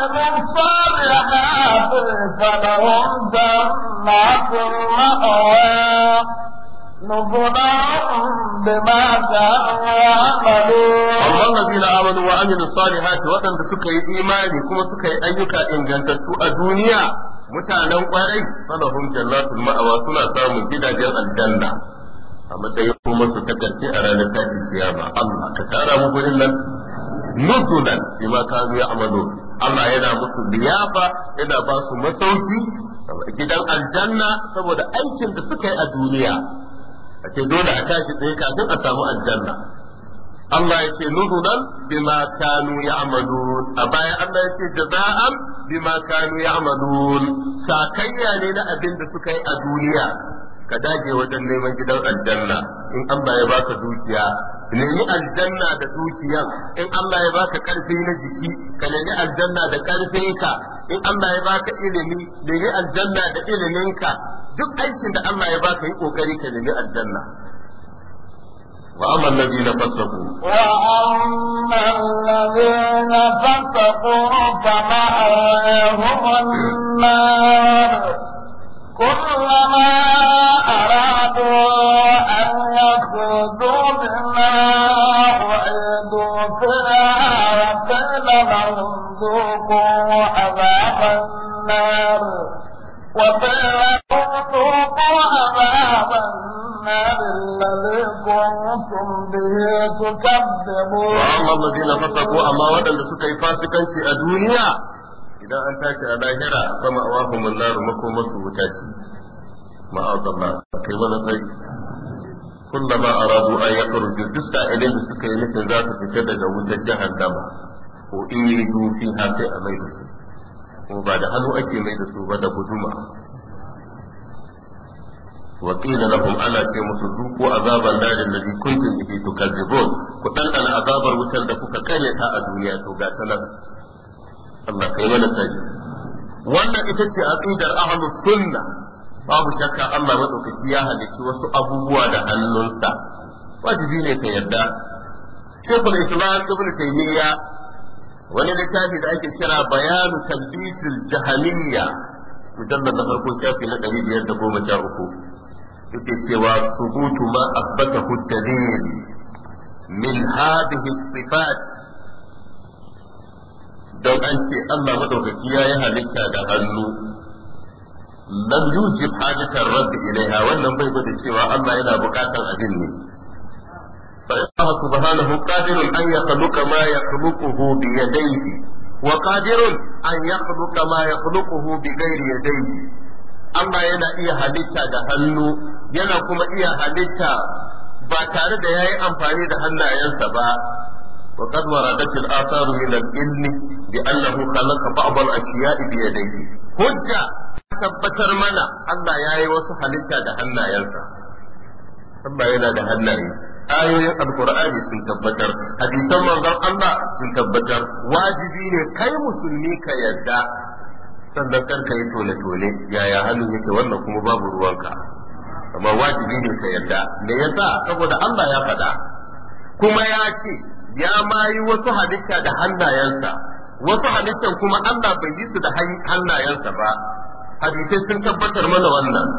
الصالحات فلهم جنات المأوى نزلا بما كانوا يعملون wa amilu salihati waɗanda suka yi imani kuma suka yi ayyuka ingantattu a duniya mutanen kwarai salahum jannatul ma'awa suna samun gidajen aljanna a matsayin kuma su ta a ranar tashin siyama Allah ka tara mu gurin nan nuzulan bima kanu ya'malu Allah yana musu liyafa yana ba su masauki gidan aljanna saboda aikin da suka yi a duniya a ce dole a tashi tsaye kafin a samu aljanna Allah ya ce nuzulan bima kanu ya'malun a baya Allah ya ce jaza'an bima kanu ya'malun sakayya ne na abin da suka yi a duniya ka dage wajen neman gidan aljanna in Allah ya baka dukiya nemi aljanna da dukiya. in Allah ya baka karfi na jiki ka nemi aljanna da karfin ka in Allah ya baka ilimi nemi aljanna da ilimin ka duk aikin da Allah ya baka yi kokari ka nemi aljanna وأما الذين فسقوا وأما الذين فسقوا فمأواهم النار كلما أرادوا أن يخرجوا مما أعيدوا فيها وقيل لهم ذوقوا عذاب النار وقيل لهم ذوقوا عذاب النار الذي كنتم به تكذبون وأما الذين فسقوا أما ودن لسكي فاسقا في الدنيا idan an tashi a lahira fa ma'awahu mun nar masu wuta ce a kai wani tsari kullama aradu an yakhruju duk sa'ilin da suka yi nufin za su fita daga wutar Dama. ko dufi har hafi a mai da su ko ba da hannu ake mai da su ba da guduma وقيل لهم ألا ce musu zuku azaban darin da kuntum bihi zibon, ku dan ana azabar wutar da kuka ta a duniya to ga sanan Allah kai mana sani wannan ita ce aqidar ahlus sunna babu shakka Allah madaukaki ya halicci wasu abubuwa da hannunsa wajibi ne ka yarda shekul islam ibn taymiya wani littafi da ake kira bayanu talbisul jahaliyya mujallad na farko shafi na ɗari biyar da goma sha uku yake cewa subutu ma asbatahu dalil min hadhihi sifat don an ce Allah madaukaki ya yi halitta da hannu lam yujib hajatar rabbi ilaiha wannan bai gwada cewa Allah yana bukatar abin ne fa inna subhanahu qadirun an yakhluqa ma yakhluquhu bi yadayhi wa qadirun an yakhluqa ma yakhluquhu bi ghairi yadayhi Allah yana iya halitta da hannu yana kuma iya halitta ba tare da yayi amfani da hannayensa ba وقد وردت الآثار من العلم بأنه خلق بعض الأشياء بيديه hujja tabbatar mana Allah ya yi wasu halitta da hannayensa Allah yana da hannaye ayoyin alkur'ani sun tabbatar hadisan manzon Allah sun tabbatar wajibi ne kai musulmi ka yarda. sannan kar ka yi tole tole yaya halin yake wannan kuma babu ruwanka amma wajibi ne ka yarda. me yasa saboda Allah ya faɗa kuma ya ce ya ma yi wasu halitta da hannayensa wasu halittan kuma Allah bai yi su da hannayensa ba hadisai sun tabbatar mana wannan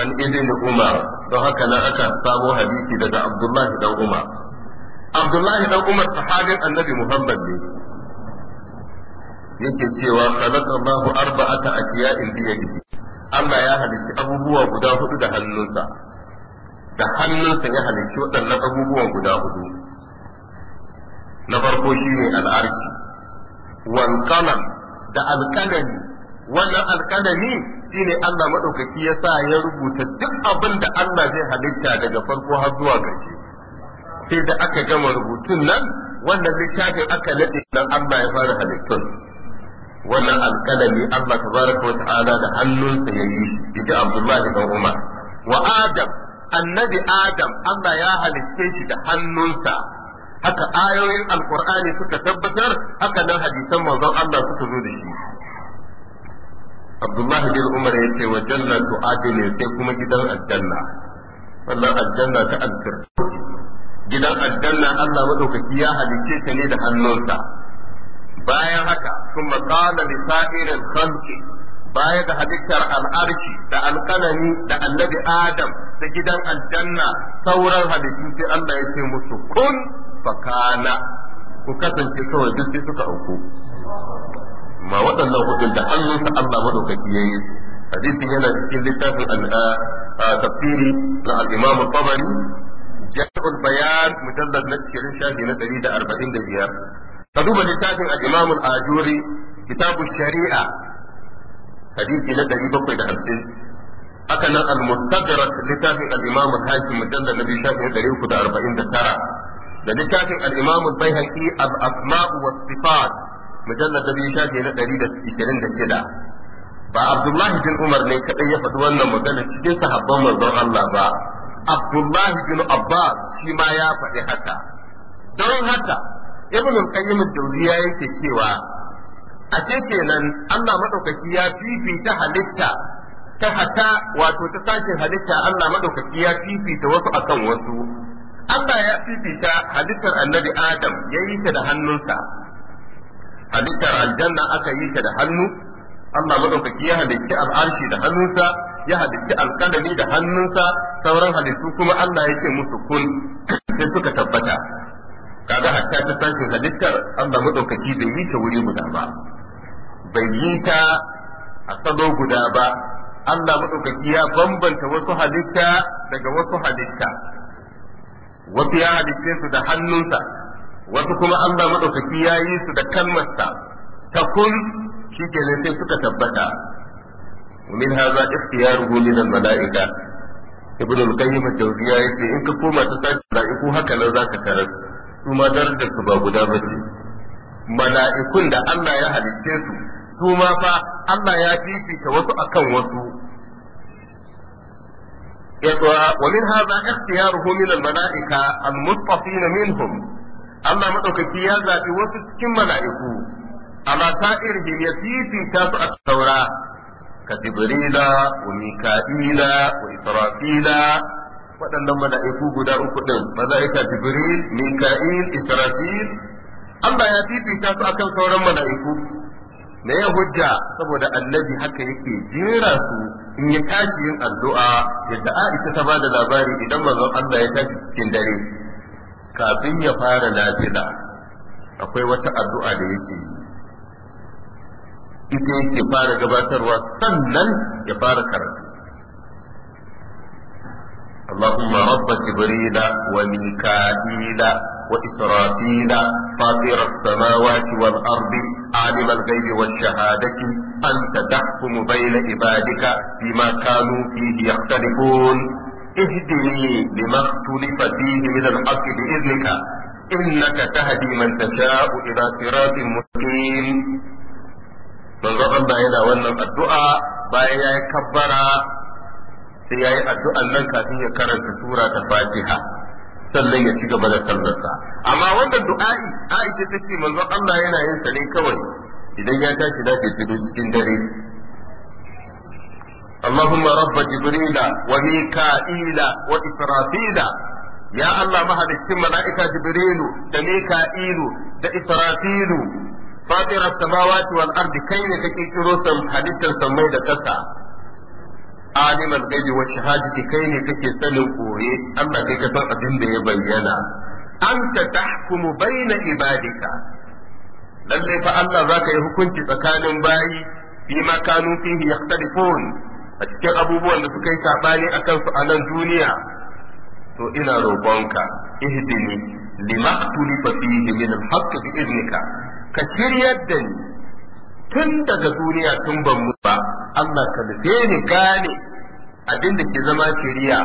an ibn Umar don haka na aka samo hadisi daga Abdullahi dan Umar Abdullahi dan Umar sahabin Annabi Muhammad ne yake cewa khalaqallahu arba'ata asiya'in bi yadihi Allah ya halicci abubuwa guda hudu da hannunsa da hannunsa ya halicci waɗannan abubuwan guda hudu na farko shine al'arki wal da alqalami wannan alqalami shine Allah madaukaki ya sa ya rubuta duk abin da Allah zai halitta daga farko har zuwa ƙarshe sai da aka gama rubutun nan wannan littafin aka lade dan Allah ya fara halittun wannan alqalami Allah tabaraka wa ta'ala da hannunsa yayi ita Abdullahi Dan Umar wa Adam annabi adam Allah ya halicce shi da hannunsa haka ayoyin alkur'ani suka tabbatar haka nan hadisan manzon Allah suka zo da shi Abdullahi bin Umar ya ce wa jannatu adilin sai kuma gidan aljanna wannan aljanna ta alfirdaus gidan aljanna Allah madaukaki ya halicce ta ne da hannunsa bayan haka kuma qala li sa'irin khalqi baya da halittar al'arki da alkalami da annabi Adam da gidan aljanna sauran halittu sai Allah ya ce musu kun fakana ku kasance kawai duk sai suka auku ma waɗannan hudun da hannunsa Allah madaukaki ya yi hadisin yana cikin littafin tafsiri na al-Imam al-Tabari jami'ul bayan mujallad na cikin shafi na 145 ka duba littafin al-Imam al-Ajuri kitabu shari'a hadisi na 750 haka nan al-mustadrak littafin al-imam al-hakim mujallal nabi shafi 349 da littafin al-imam al-baihaqi al-asma'u was-sifat mujallal nabi shafi 126 ba Abdullahi bin Umar ne kadai ya faɗi wannan magana cikin sahabban manzon Allah ba Abdullahi bin Abbas shi ma ya faɗi haka don haka Ibn Qayyim al-Jawziyya yake cewa a ce kenan Allah madaukaki ya fifita halitta ta hata wato ta sake halitta Allah madaukaki ya fifita wasu akan wasu Allah ya fifita halittar annabi Adam ya yi ta da hannunsa halittar aljanna aka yi ta da hannu Allah madaukaki ya halicci al'arshi da hannunsa ya halicci alkalami da hannunsa sauran halittu kuma Allah ya ce musu kun sai suka tabbata kaga hatta ta sake halittar Allah madaukaki bai yi ta wuri guda ba bai yi ta a salo guda ba Allah madaukaki ya bambanta wasu halitta daga wasu halitta wasu ya halitte su da hannunsa wasu kuma Allah madaukaki ya yi su da kalmarsa ta kun shi ke sai suka tabbata ومن هذا da. للملائكة ibn al-qayyim al-jawziya yace in ka koma ta sashi mala'iku haka nan zaka tarar su ma darajar su ba guda bace mala'ikun da Allah ya halicce su su ma fa Allah ya fifita wasu akan wasu ومن هذا اختياره من الملائكة المصطفين منهم الله مدوكي يا ذاتي وسط كم ملائكو على سائرهم يتيتي تاسو التوراة كجبريل وميكائيل وإسرافيل waɗannan mala'iku guda uku ɗin mala'ika jibril mika'il israfil Allah ya fifita su akan sauran mala'iku da ya hujja saboda annabi haka yake jira su in ya tashi yin addu'a yadda Aisha ta bada labari idan manzon Allah ya tashi cikin dare kafin ya fara nafila akwai wata addu'a da yake yi ita yake fara gabatarwa sannan ya fara karatu اللهم رب جبريل وميكائيل وإسرافيل فاطر السماوات والأرض عالم الغيب والشهادة أنت تحكم بين عبادك فيما كانوا فيه يختلفون اهدني لما اختلف فيه من الحق بإذنك إنك تهدي من تشاء إلى صراط مستقيم من الله yana wannan addu'a bayan ya yi kabbara sai ya yi addu'an nan kafin ya karanta sura ta fatiha sannan ya ci gaba da sallarsa amma wannan du'a'i Aisha ta ce manzon Allah yana yin sa ne kawai idan ya tashi da fitilu cikin dare Jibrila wa Mika'ila wa Israfila ya Allah mahalicin mala'ika Jibrilu da Mika'ilu da Israfilu fatirar samawati wal ardi kai ne kake kiro halittar samai da ƙasa Alimar gaibi wa shahadati kai ne kake sanin koye Allah kai ka san abin da ya bayyana anta tahkumu baina ibadika lalle fa Allah zaka yi hukunci tsakanin bayi fi ma kanu fihi yaqtalifun a cikin abubuwan da suka yi sabani akan su a nan duniya to ina roƙonka ihdini lima tulifa fihi min al-haqq bi idnika ka shiryar da ni tun daga duniya tun ban mu ba Allah ka nufe ni gane abin da ke zama shari'a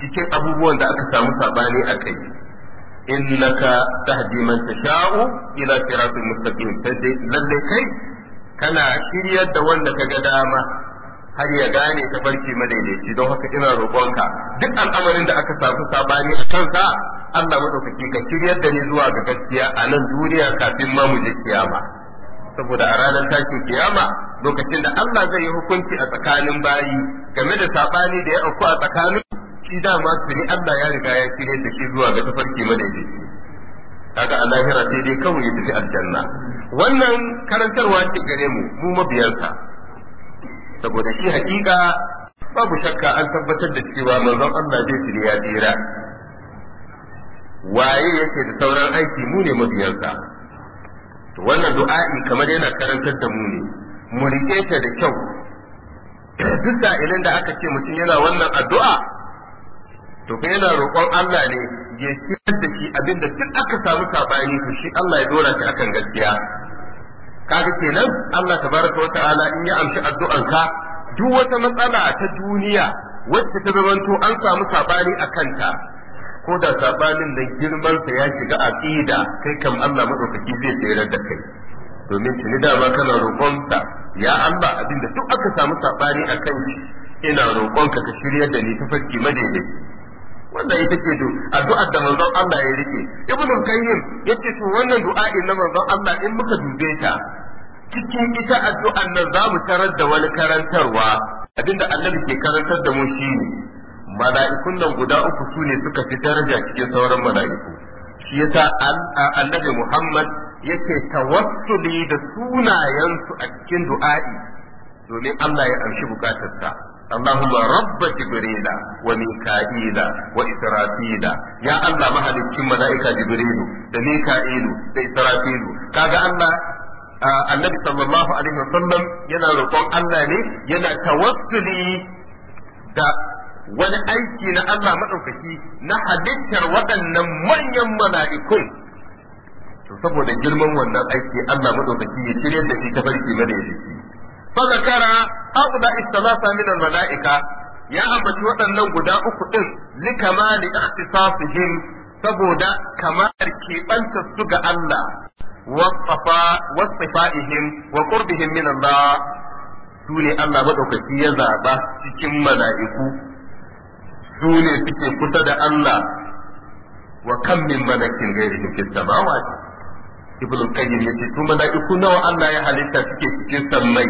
cikin abubuwan da aka samu sabani a kai innaka tahdi man tasha'u ila siratil mustaqim lalle kai kana shiryar da wanda ka ga dama har ya gane ta barke madaidaici don haka ina roƙonka duk al'amarin da aka samu sabani a kansa Allah madaukaki ka shiryar da ni zuwa ga gaskiya a nan duniya kafin ma mu je kiyama saboda a ranar tashin kiyama lokacin da Allah zai yi hukunci a tsakanin bayi game da sabani da ya auku a tsakanin shi dama tuni Allah ya riga ya shirye da shi zuwa ga tafarki madaidaici kaga a lahira sai dai kawai ya tafi aljanna wannan karantarwa ce gare mu mu mabiyarsa. saboda shi hakika babu shakka an tabbatar da cewa manzon Allah zai tuni ya tsira waye yake da sauran aiki mu ne mabiyansa to wannan du'a'i kamar yana karantar da mu ne mu rike ta da kyau duk idan da aka ce mutum yana wannan addu'a to kai yana roƙon Allah ne ya ciyar da shi abinda duk aka samu sabani to shi Allah ya dora shi akan gaskiya kaga kenan Allah tabaraka wa ta'ala in ya amshi addu'anka duk wata matsala ta duniya wacce ta zamanto an samu sabani a kanta ko da sabanin nan girman sa ya shiga aqida kai kam Allah madaukaki zai tsere da kai domin tuni dama kana roƙonsa ya Allah abinda duk aka samu sabani a kan shi. ina roƙonka ka shirya da ni tafarki madaidaici wannan ita ce do addu'ar da manzon Allah ya rike ibn al-qayyim yace to wannan du'a'i na manzon Allah in muka dube ta cikin ita addu'ar nan za mu tarar da wani karantarwa abinda Allah ke karantar da mu shi. mala’ikun nan guda uku sune suka fi daraja cikin sauran mala’iku shi yasa annabi Muhammad yake tawassuli da sunayensu a cikin du'a'i domin Allah ya amshi bukatarsa Allahumma rabba Jibrila wa Mika'ila wa Israfila ya Allah mahalicin mala’ika Jibrilu da Mika'ilu da Israfilu kaga Allah annabi sallallahu alaihi wasallam yana roƙon Allah ne yana tawassuli da wani aiki na Allah maɗaukaki na halittar waɗannan manyan mala'ikun to saboda girman wannan aiki Allah maɗaukaki ya shirya da shi ta farki shi fa zakara haula istalasa min al mala'ika ya ambaci waɗannan guda uku din likamali ihtisasihim saboda kamar keɓanta su ga Allah wasfa'ihim wa qurbihim min Allah su Allah madaukaki ya zaba cikin mala'iku su ne suke kusa da Allah wa kam min malakin ghairihim fis samawati ibn qayyim kuma da iku nawa Allah ya halitta suke cikin sammai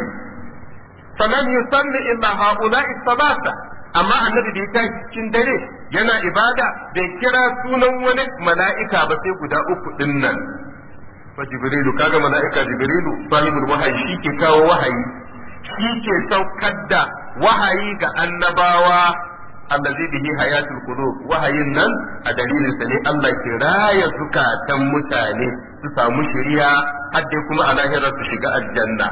falam yusalli illa haula'i sabata amma annabi da ya tashi cikin dare yana ibada bai kira sunan wani mala'ika ba sai guda uku din nan fa jibrilu kaga mala'ika jibrilu sahibul wahayi shi ke kawo wahayi shi ke saukar da wahayi ga annabawa allazi bihi hayatul qulub wahayin nan a dalilin ne Allah ke raya zukatan mutane su samu shiriya har kuma a lahira su shiga aljanna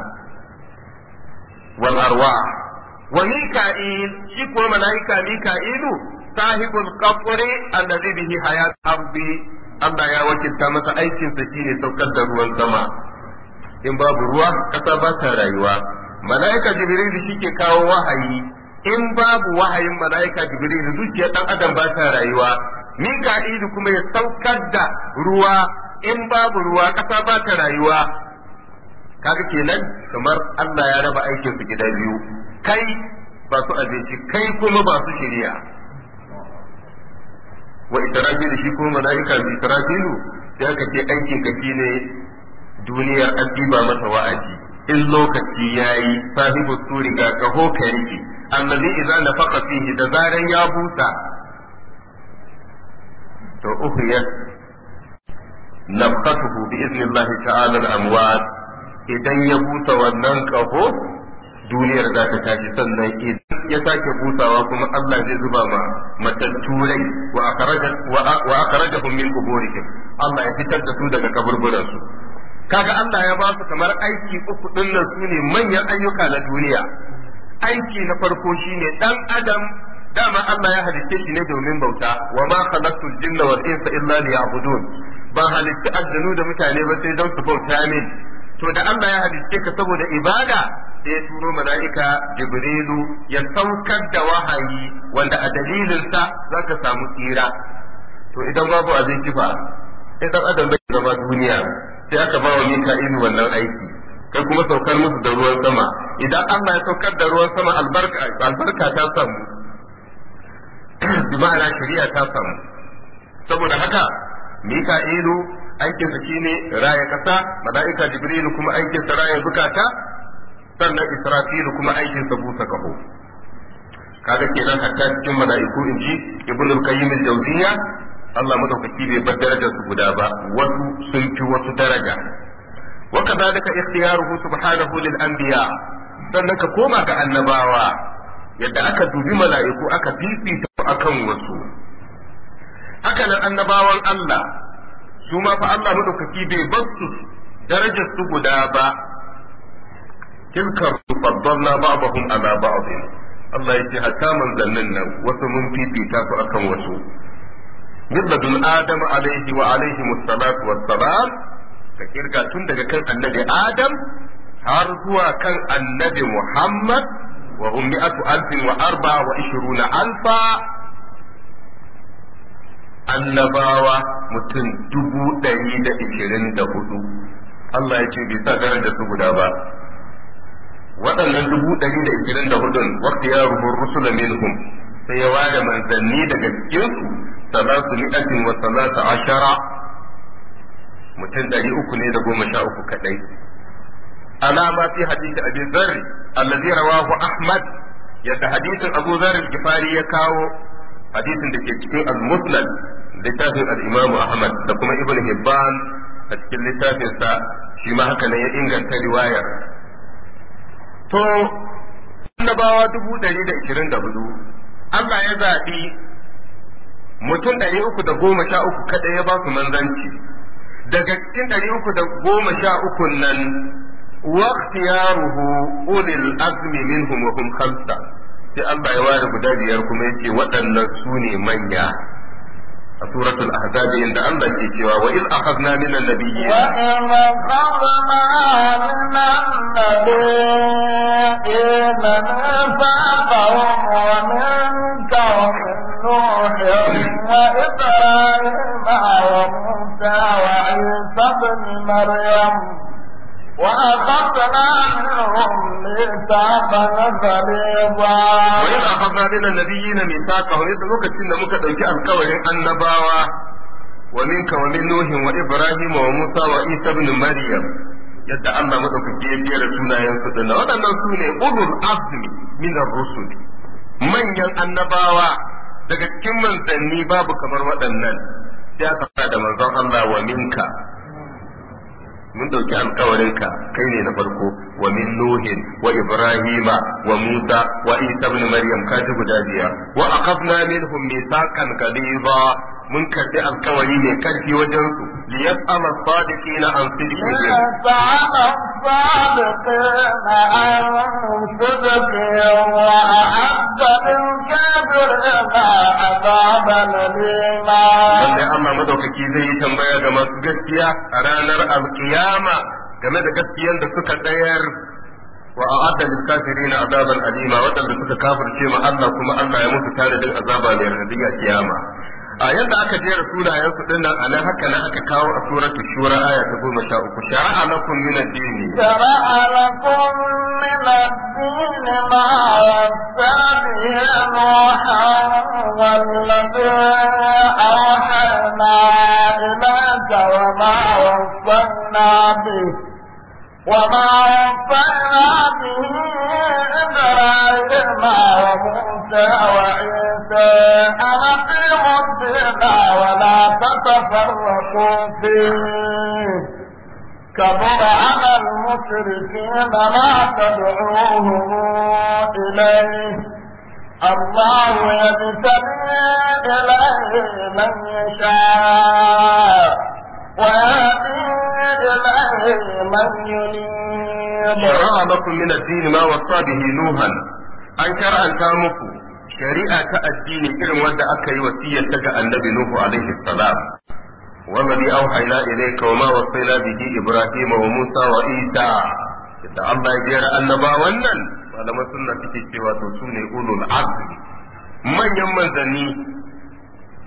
wal arwa wa mika'il shi ko malaika mika'ilu sahibul qabri allazi bihi hayat ardi Allah ya wakilta masa aikin sa shine saukar da ruwan sama in babu ruwa kasa ba ta rayuwa malaika jibril shi ke kawo wahayi in babu wahayin mala'ika jibril zuciyar dan adam ba ta rayuwa mika'ilu kuma ya saukar da ruwa in babu ruwa ƙasa ba ta rayuwa kaga kenan kamar Allah ya raba aikin su gida biyu kai ba su abinci kai kuma ba su shirya wa da shi kuma mala'ika bi israfilu sai ka ce aikin ka ne duniyar addiba masa wa'azi in lokaci yayi sahibu suri ga kaho ka rike Annabi allazi idza nafaqa fihi da zaran ya busa to ukhiyat nafqatuhu bi idnillahi ta'ala al-amwat idan ya busa wannan kaho duniyar za ta tashi sannan idan ya sake busawa kuma Allah zai zuba ma matattu rai wa akhrajahum min quburihim Allah ya fitar da su daga kaburburansu kaga Allah ya ba su kamar aiki uku dinnan su ne manyan ayyuka na duniya aiki na farko ne ɗan adam dama Allah ya halicce shi ne domin bauta wa ma khalaqtul jinna wal insa illa liya'budun ban halitta aljanu da mutane ba sai don su bauta min to da Allah ya halicce ka saboda ibada sai ya turo mala'ika jibrilu ya saukar da wahayi wanda a dalilinsa zaka samu tsira to idan babu azin kifa sai dan adam bai zama duniya sai aka ba wa mika wannan aiki kai kuma saukar musu da ruwan sama idan Allah ya saukar da ruwan sama albarka ta samu bi na shari'a ta samu saboda haka mika'ilu aikinsa shine raya kasa mala'ika jibrilu kuma aikinsa raya zukata sannan israfilu kuma aikinsa busa kaho kaga kenan hatta cikin mala'iku inji al qayyim al-jawziyya Allah madaukaki bai bar darajar su guda ba wasu sun fi wasu daraja وكذلك اختياره سبحانه للأنبياء sannan ka koma ga annabawa yadda aka dubi mala'iku aka fifita a kan wasu haka nan annabawan Allah su ma fa Allah madaukaki bai bar su darajar su guda ba tilkar ba ba'dahum ala ba'dhin Allah ya yake hatta manzannin nan wasu mun fifita su a kan wasu milladun adam alaihi wa alaihi musallatu wassalam ka kirga tun daga kan annabi adam har zuwa kan annabi Muhammad wa Ummiatu alfin wa arba wa ishiruna alfa annabawa mutum dubu ɗari da ishirin da hudu Allah ya ce bai sa daraja su guda ba waɗannan dubu ɗari da ishirin da hudun wakti ya rubun rusula minhum sai ya ware manzanni daga cikinsu salatu mi'atin wa salatu ashara mutum ɗari uku ne da goma sha uku kaɗai alama fi hadisi abi dharr allazi rawahu ahmad yadda hadisin abu dharr al-gifari ya kawo hadisin da ke cikin al-musnad littafin al-imam ahmad da kuma ibn hibban a cikin littafin shi ma haka ne ya inganta riwayar to annabawa dubu ɗari da ishirin da hudu Allah ya zaɓi mutum ɗari uku da goma sha uku kaɗai ya ba su manzanci daga cikin ɗari uku da goma sha uku واختياره أولي الأزم منهم وهم خمسة في أبا يوارد بدادي يركميتي وأن نسوني منيا سورة الأحزاب عند أن بيتي وإذ أخذنا من النبي وإذ أخذنا من النبي من فاقهم ومنك ومن نوح وإبراهيم وموسى وعيسى بن مريم وأخذنا منهم ميثاقا غليظا وإذ أخذنا من النبيين ميثاقه إذ لوكتين muka ɗauki alkawarin annabawa ومنك ومن نوح وإبراهيم وموسى وعيسى ابن مريم yadda Allah madaukaki ya jera sunayen su dinnan waɗannan su ne ulul azmi min ar manyan annabawa daga cikin manzanni babu kamar waɗannan sai aka da manzon Allah wa minka mun dauki alkawarinka kai ne na farko wa min nuhin wa ibrahima wa musa wa isa ibn maryam ka ji guda biyar wa aqadna minhum mithaqan qadiba mun karɓi alkawari mai karfi wajen su liyas'ala sadiqina an sidqihim liyas'ala sadiqina an sidqihim wa a'adda lil kafirina azaban alima Wanda amma madaukaki zai yi tambaya ga masu gaskiya a ranar alkiyama game da gaskiyan da suka tsayar wa a'adda lil kafirina azaban alima waɗanda suka kafirce ma Allah kuma Allah ya mutu tare da azaba mai radiya kiyama a yadda aka jera sunayen su din nan anan haka nan aka kawo a suratu shura aya ta goma sha uku shara'a lakum min ad-din shara'a lakum min ad-din ma yasabihu nuhan والذي أوحينا إليك وما وصلنا به وما وفينا به إبراهيم وموسى وعيسى أنا في الدين ولا تتفرقوا فيه كبر على المشركين ما تدعوهم إليه الله يبتلي إليه من يشاء شرعنكم من الدين ما وصى به نوحا أن شرعنتا مكو شريعة الدين إرم ودى أكي وسية تجا النبي نوح عليه السلام والذي أوحينا إليك وما وصينا به إبراهيم وموسى وإيسى إذا الله يجير النبا ونن ولما سنة تكي سوى تسوني أولو العزم من يمن ذني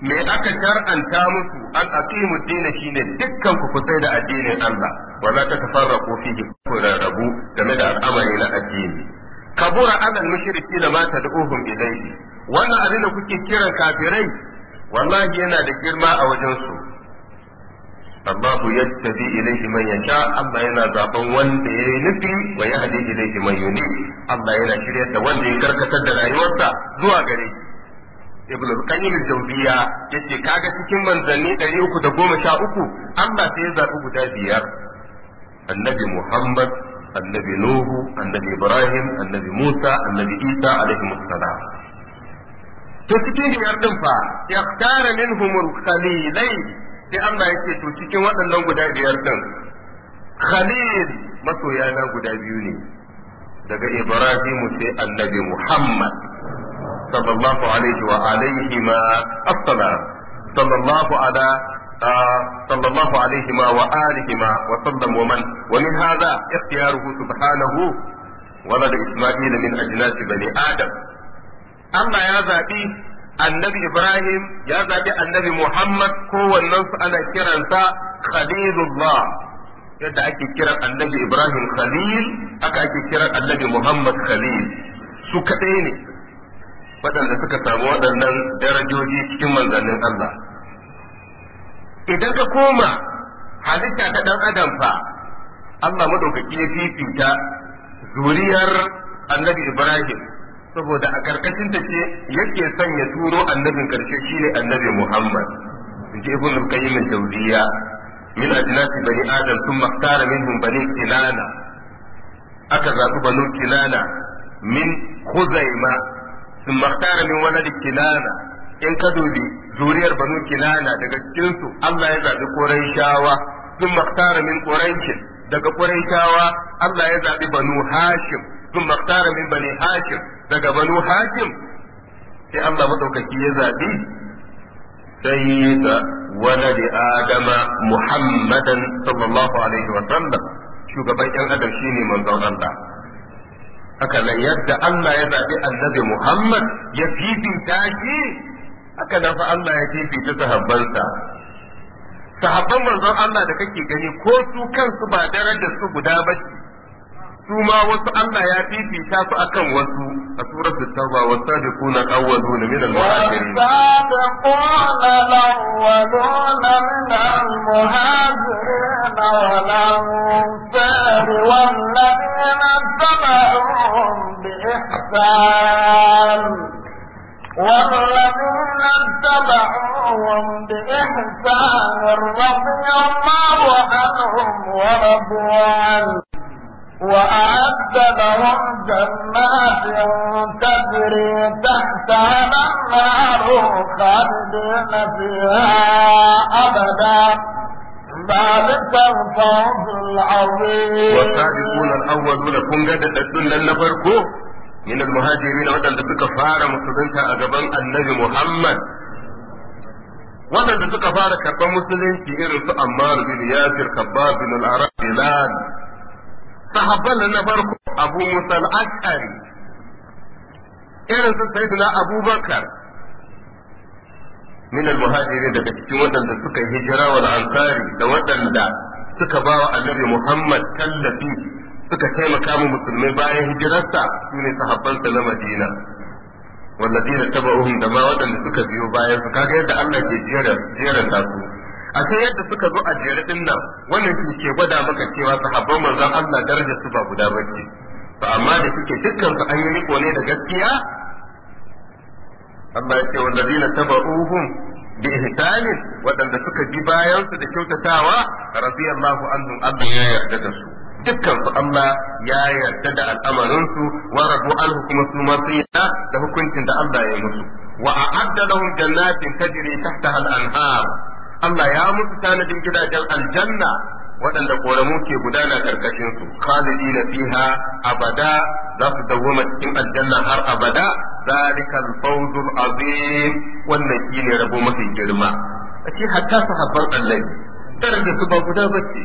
me aka shar'anta musu an aqimu dina shine dukkan ku kusai da addinin Allah wa la tatafarraqu fihi rabu game da al'amari na addini kabura alal mushriki da da tad'uhum ilayhi wannan abin da kuke kiran kafirai wallahi yana da girma a wajen su Allah yattabi ilayhi man yasha Allah yana zaban wanda ya yi nufi wa yahdi ilayhi man yuni Allah yana shiryar da wanda ya karkatar da rayuwarsa zuwa gare shi ibn al-qayyim al-jawziya yace kaga cikin manzanni 313 Amma sai ya zabi guda biyar annabi Muhammad annabi Nuhu annabi Ibrahim annabi Musa annabi Isa alaihi assalam to cikin biyar din fa yaktara minhum al-khalilai sai Allah yake to cikin waɗannan guda biyar din khalil masoyana guda biyu ne daga Ibrahim sai annabi Muhammad صلى الله عليه وعليهما السلام صلى الله على آه صلى الله عليهما وآلهما وسلم ومن ومن هذا اختياره سبحانه ولد إسماعيل من أجناس بني آدم أما يا ذابي النبي إبراهيم يا ذابي النبي محمد هو النص أنا كرنسا خليل الله yadda ake kiran annabi Ibrahim Khalil aka ake kiran annabi Muhammad Khalil su kaɗai ne waɗanda suka samu waɗannan darajoji cikin manzannin Allah idan ka koma halitta ta ɗan adam fa Allah madaukaki ya fifita zuriyar annabi Ibrahim saboda a karkashin ta ce yake sanya turo annabin karshe shine annabi Muhammad inji ibn qayyim al-jawziyya min ajnasi bani adam sun makhtara minhum bani kinana aka zaɓi banu kinana min khuzaima in makhtara min waladi kinana in ka dubi zuriyar banu kinana daga cikin su Allah ya zabi quraishawa sun makhtara min quraish daga quraishawa Allah ya zabi banu hashim sun makhtara min bani hashim daga banu hashim sai Allah madaukaki ya zabi sayyida ولد adama muhammadan sallallahu alaihi wa sallam shugaban yan adam shine manzon Allah haka nan yadda Allah ya zaɓi annabi Muhammad ya fifita shi haka nan fa Allah ya fifita sahabbansa sahabban manzon Allah da kake gani ko su kansu ba da su guda ba su ma wasu Allah ya fifita su akan wasu سورة التوبة والسابقون الأولون من المهاجرين والسابقون الأولون من المهاجرين والأنصار والذين اتبعوهم بإحسان والذين اتبعوهم بإحسان رضي الله عنهم ورضوا عنه وأعد لهم جنات تجري تحتها الأنهار خالدين فيها أبدا ذلك الفوز العظيم والسابقون الأولون كن قد تدل لنفركو من المهاجرين وأن تلك فارة مسلمة أجبا النبي محمد waɗanda suka fara karɓar musulunci irin su Ammar bin Yasir, Khabbab bin al-Arab, Bilal, sahabban na farko abu musal ashari irin su sayyidina abubakar min al-muhajirin daga cikin waɗanda suka hijira wal ansari da waɗanda suka ba wa annabi muhammad tallafi suka taimaka mu musulmai bayan hijirarsa su ne sahabbansa na madina والذين تبعوهم da ma waɗanda suka biyo bayan suka kaga yadda Allah ke jera jera su a ta yadda suka zo a jere din nan wannan shi ke gwada maka cewa sahabban manzon Allah daraja su ba guda ce to amma da suke dukkan su an yi riko ne da gaskiya Allah ya ce wallazina tabauhum bi ihsanin wadanda suka bi bayan su da kyautatawa radiyallahu anhum Allah ya yarda da su dukkan su Allah ya yarda da al'amarin su wa rabu anhu kuma su ma da hukuncin da Allah ya yi musu wa a'adda lahum jannatin tajri tahtaha al-anhar Allah ya musu tanadin gidajen aljanna waɗanda ƙoramu ke gudana karkashin su na fiha abada za su dawwama cikin aljanna har abada zalikal fawzul azim wannan shi ne rabo mafi girma ce hatta sahabban Allah tare da su ba guda ba ce.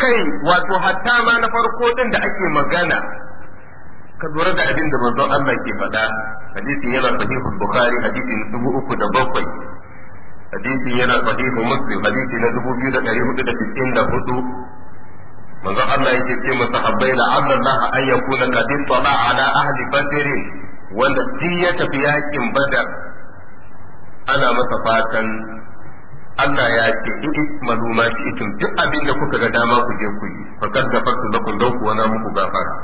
kai wato hatta ma na farko ɗin da ake magana ka lura da abin da manzon Allah ke faɗa hadisin yana fahimtar bukhari hadisin bakwai. hadisin yana صحيح مسلم hadisi na dubu biyu da ɗari hudu da cikin da hudu manzo Allah yake ce الله أن يكون an yakuna على أهل بدر ahli badr wanda shi tafi yakin ana masa fatan Allah ya ce idi maluma shi itin duk abin da kuka ga dama ku je ku yi na muku gafara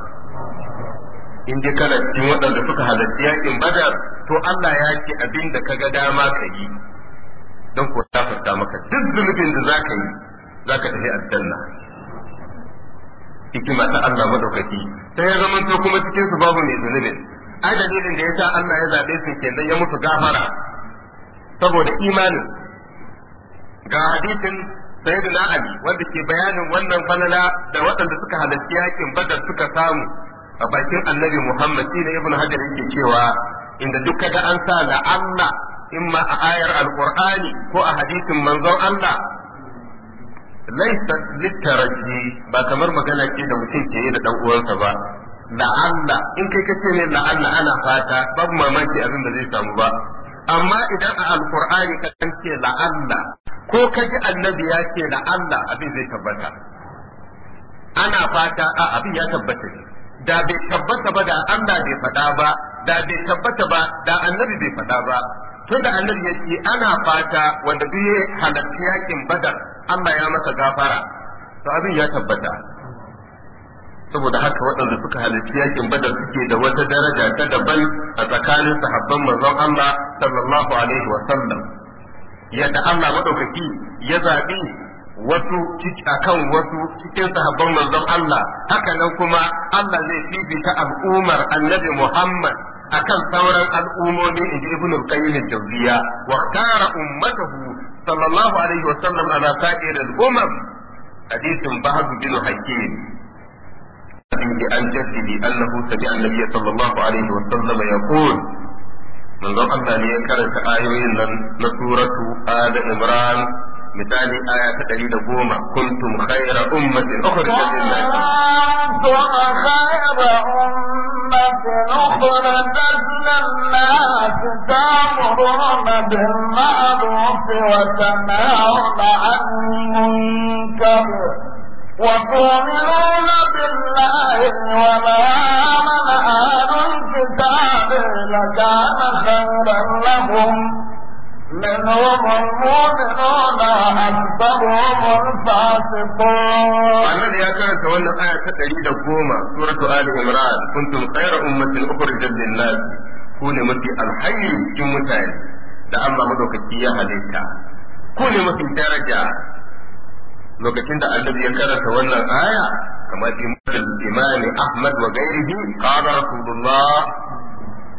in dai kana cikin waɗanda suka halarci yakin bada, to Allah ya ce abin da ka ga dama ka yi don ko ta gafarta maka duk zunubin da za ka yi za ka tafi aljanna hikima ta Allah madaukaki ta ya zama to kuma cikin su babu mai zunubin ai dalilin da ya sa Allah ya zabe su kenan ya mutu gafara saboda imanin ga hadisin sayyidina Ali wanda ke bayanin wannan falala da waɗanda suka halarci yakin Badar suka samu a bakin Annabi Muhammad shine Ibn Hajar yake cewa inda duk kaga an sa da Allah إما a القرآن alqur'ani ko a hadisin manzon Allah laisa littaraji ba kamar magana ke da mutum ke yi da dan uwansa ba la'alla in kai kace ne la'alla ana fata babu mamaki abin da zai samu ba amma idan a alqur'ani ka ce la'alla ko ka ji annabi ya ce abin zai tabbata ana fata a abin ya tabbata ne da bai tabbata ba da Allah bai faɗa ba da bai tabbata ba da annabi bai faɗa ba tunda annabi ce ana fata wanda duk ya halarci yakin badar Allah ya masa gafara to abin ya tabbata saboda haka waɗanda suka halarci yakin badar suke da wata daraja ta daban a tsakanin sahabban manzon Allah sallallahu alaihi wa sallam yadda Allah madaukaki ya zabi wasu akan wasu cikin sahabban manzon Allah haka nan kuma Allah zai fifita al'ummar annabi Muhammad akan sauran al'ummomin in ji ibn al-qayyim al-jawziya wa ikhtara ummatuhu sallallahu alaihi wa sallam ala sa'ir al-umam hadith ba'd bil hakim in bi an jaddi annahu sami'a an-nabiy sallallahu alaihi wa sallam yaqul من ضمن أن يكرت آيوين من suratu آل imran مثال آية تقليل بوما كنتم خير أمة أخرجت للناس كنتم خير أمة أخرجت للناس تأمرون بالمعروف وتنهون عن منكر وتؤمنون بالله وما آمن أهل الكتاب لكان خيرا لهم منهم المؤمنون أكثرهم الفاسقون الذي أكرت وأن آية تقريد قومة سورة آل عمران كنتم خير أمة أخرجت للناس كونوا مثل الحي جمتان da Allah madaukaki ya halitta ku ne mafi daraja lokacin da annabi ya karanta wannan aya kamar imani Ahmad wa gairihi qala rasulullah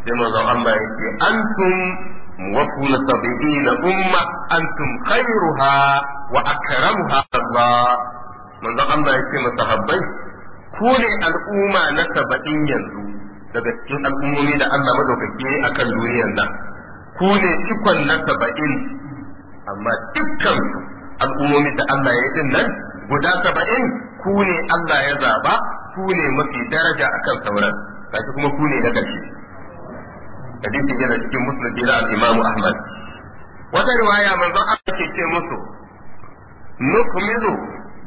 sai manzon Allah yake antum وكن سبعين أمة أنتم خيرها وأكرمها الله من ذا الله يتم صحابي كل الأمة نسبعين ينزو daga cikin al'ummomi da Allah madaukake a kan duniyar nan ku ne ikon na saba'in amma dukkan al'ummomi da Allah ya yi nan guda saba'in ku ne Allah ya zaba ku ne mafi daraja akan sauran kashi kuma ku ne na ƙarshe hadisi yana cikin musnad na al Ahmad wata riwaya manzon Allah ke ce musu nukmizu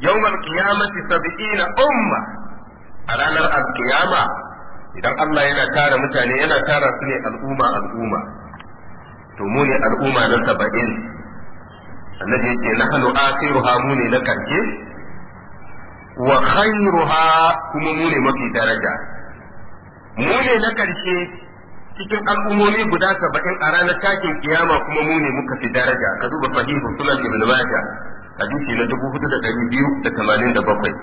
yawmal qiyamati sab'ina umma a ranar al-qiyama idan Allah yana tara mutane yana tara su ne al'umma al'umma to mu ne al'umma na saba'in annabi yake nahnu akhiruha mu ne na karshe wa khairuha kuma mu ne mafi daraja mu ne na karshe cikin al'ummomi guda saba'in a ranar takin kiyama kuma mu ne muka fi daraja ka duba sahihu sunan ibn majah hadisi na dubu hudu da ɗari biyu da tamanin da bakwai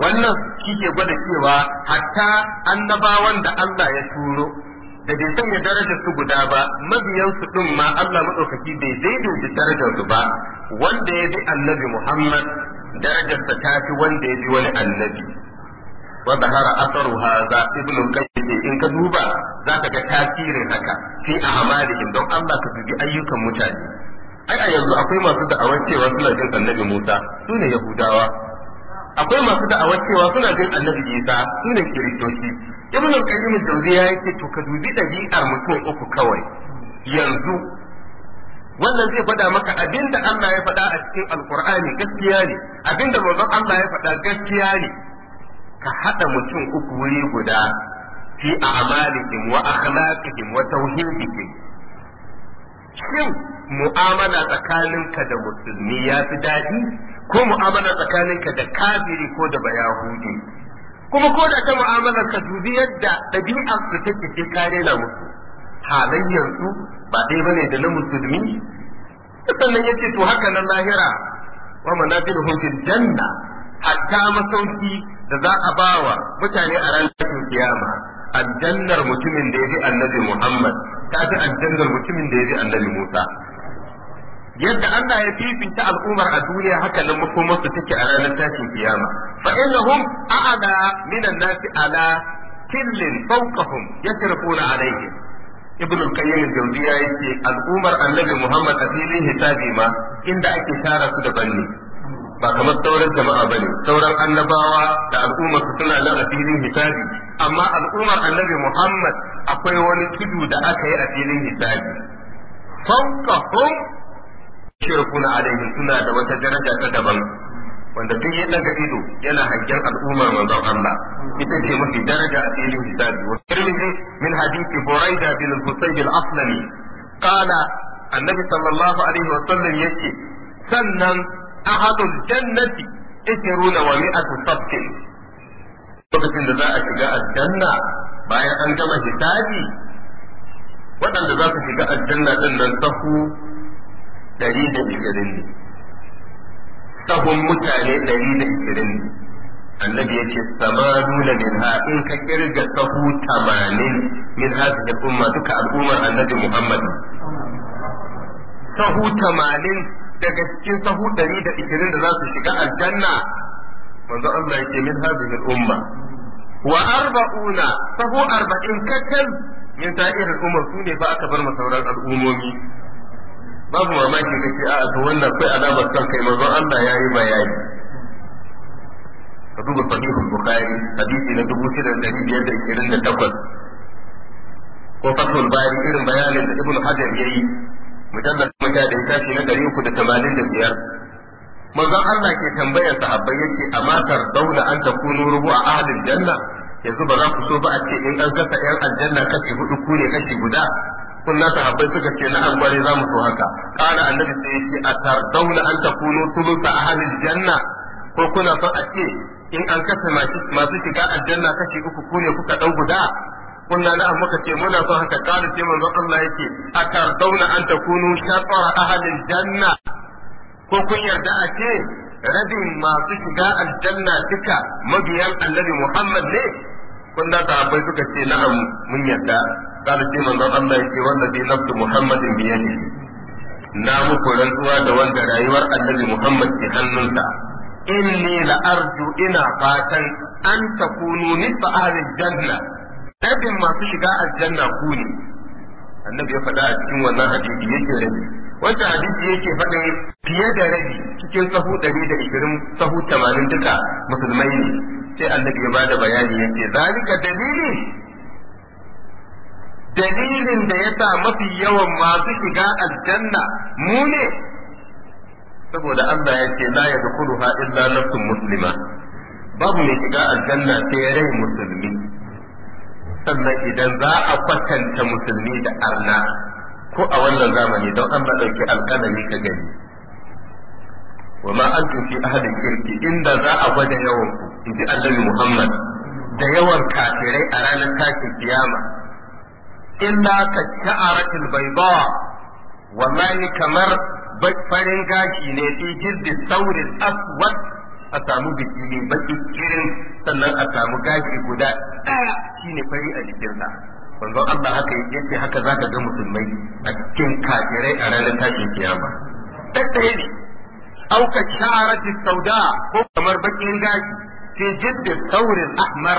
wannan kike gwada cewa hatta annabawan da Allah ya turo da bai sanya darajar su guda ba mabiyan su din ma Allah maɗaukaki bai daidaita darajar su ba wanda ya bi annabi Muhammad darajarsa ta fi wanda ya bi wani annabi wa zahara asaru hadha ibn qayyim in ka duba zaka ga tasirin haka fi ahmalihim don Allah ka dubi ayyukan mutane ai a yanzu akwai masu da'awar cewa suna jin annabi Musa su Yahudawa akwai masu da'awar cewa suna jin annabi Isa su ne Kiristoci ibn qayyim jawziya yake to ka dubi dabi'ar mutum uku kawai yanzu wannan zai faɗa maka abinda Allah ya faɗa a cikin alkur'ani gaskiya ne abinda manzon Allah ya faɗa gaskiya ne ka haɗa mutum uku wuri guda fi a amalihim wa akhlaqihim wa tauhidihim shin mu'amala tsakaninka da musulmi ya fi daɗi ko mu'amala tsakaninka da kafiri ko da bayahudi kuma ko da ta mu'amalar ka dubi yadda ɗabi'ar su take ke kare na musu halayyarsu ba dai bane da na musulmi sannan yake to haka na lahira wa manafiluhum fil janna hatta masauki da za a ba wa mutane a ranar kiyama aljannar mutumin da ya ji annabi Muhammad ta fi aljannar mutumin da ya ji annabi Musa yadda Allah ya fifita al'ummar a duniya haka nan makomarsu take a ranar tashin kiyama fa innahum a'la minan nasi ala killin fawqahum yashrifuna alayhi Ibn al-qayyim al-jawziya yace al'ummar annabi Muhammad a filin hisabi ma inda ake tara su da banne. ba kamar sauran jama'a bane sauran annabawa da al'umma su suna nan a filin hisabi amma al'ummar annabi Muhammad akwai wani tudu da aka yi a filin hisabi fawqahum shirkuna alaihim suna da wata daraja ta daban wanda duk ya daga ido yana hangen al'ummar manzon Allah ita ce mafi daraja a filin hisabi wa tirmidhi min hadisi Buraida bin Husayb al-Aslami qala annabi sallallahu alaihi wa sallam yace sannan ahadul jannati ishiruna wa mi'atu sabqin lokacin da za a shiga aljanna bayan an gama hisabi waɗanda za su shiga aljanna ɗin, nan sahu ɗari da ishirin ne sahun mutane ɗari da ishirin ne annabi ya ce samanu na minha in ka kirga sahu tamanin min hadhihi al'umma duka al'ummar annabi Muhammadu. sahu tamanin daga cikin sahu ɗari da da za su shiga aljanna manzo Allah yake min hadhihi al-umma wa arba'una sahu arba'in kacal min sa'ir al-umma sune ba aka bar sauran al'ummomi. babu mamaki ke a to wannan kai alamar kan kai manzo Allah yayi bayani ka duba sahihul bukhari hadisi na 6528 ko fathul bari irin bayanin da ibnu hajar yayi mujallar mata da ita ce na dari uku da tamanin da biyar manzon Allah ke tambayar sahabbai yake a matar daula an ta kunu rubu a ahlin janna yanzu ba za ku so ba a ce in an kasa yan aljanna kashi hudu ku ne kashi guda kunna sahabbai suka ce na an gware za mu so haka kana annabi sai yake a tar daula an ta kunu sulusa ahlin janna ko kuna son a ce in an kasa masu shiga aljanna kashi uku ku ne kuka dau guda kunna na muka ce muna son haka kana sai manzon Allah yake atardauna an takunu shatara ahadin janna ko kun yarda a ce rabin masu shiga aljanna duka mabiyan annabi Muhammad ne kun da sahabbai suka ce na'am mun yarda kana sai manzon Allah yake wallazi nafsu Muhammadin biyadihi na muku rantsuwa da wanda rayuwar annabi Muhammad ke hannunsa inni la arju ina fatan an takunu nisfa ahli janna tabin masu shiga aljanna ku ne annabi ya faɗa a cikin wannan hadisi yake rabi wancan hadisi yake faɗa fiye da rabi cikin sahu ɗari da ishirin sahu tamanin duka musulmai ne sai annabi ya bada bayani ya ce zalika dalili dalilin da ya sa mafi yawan masu shiga aljanna mu ne saboda Allah ya ce la yadkhuluha illa nafsun muslima babu mai shiga aljanna sai rai musulmi sannan idan za a kwatanta musulmi da arna ko a wannan zamani don an ɗauki alƙalami ka gani wa ma an fi ahadin kirki inda za a gwada yawan ku in ji annabi muhammad da yawan kafirai a ranar tashin kiyama illa ka sha'aratul bayda wallahi kamar farin gashi ne fi jirgin saurin aswad a samu biki mai baki irin sannan a samu gashi guda ɗaya shine fari a jikinsa manzon Allah haka yake haka zaka ga musulmai a cikin kafirai a ranar tashin kiyama ɗaya ne auka sharati sauda ko kamar bakin gashi ke jiddi saurin ahmar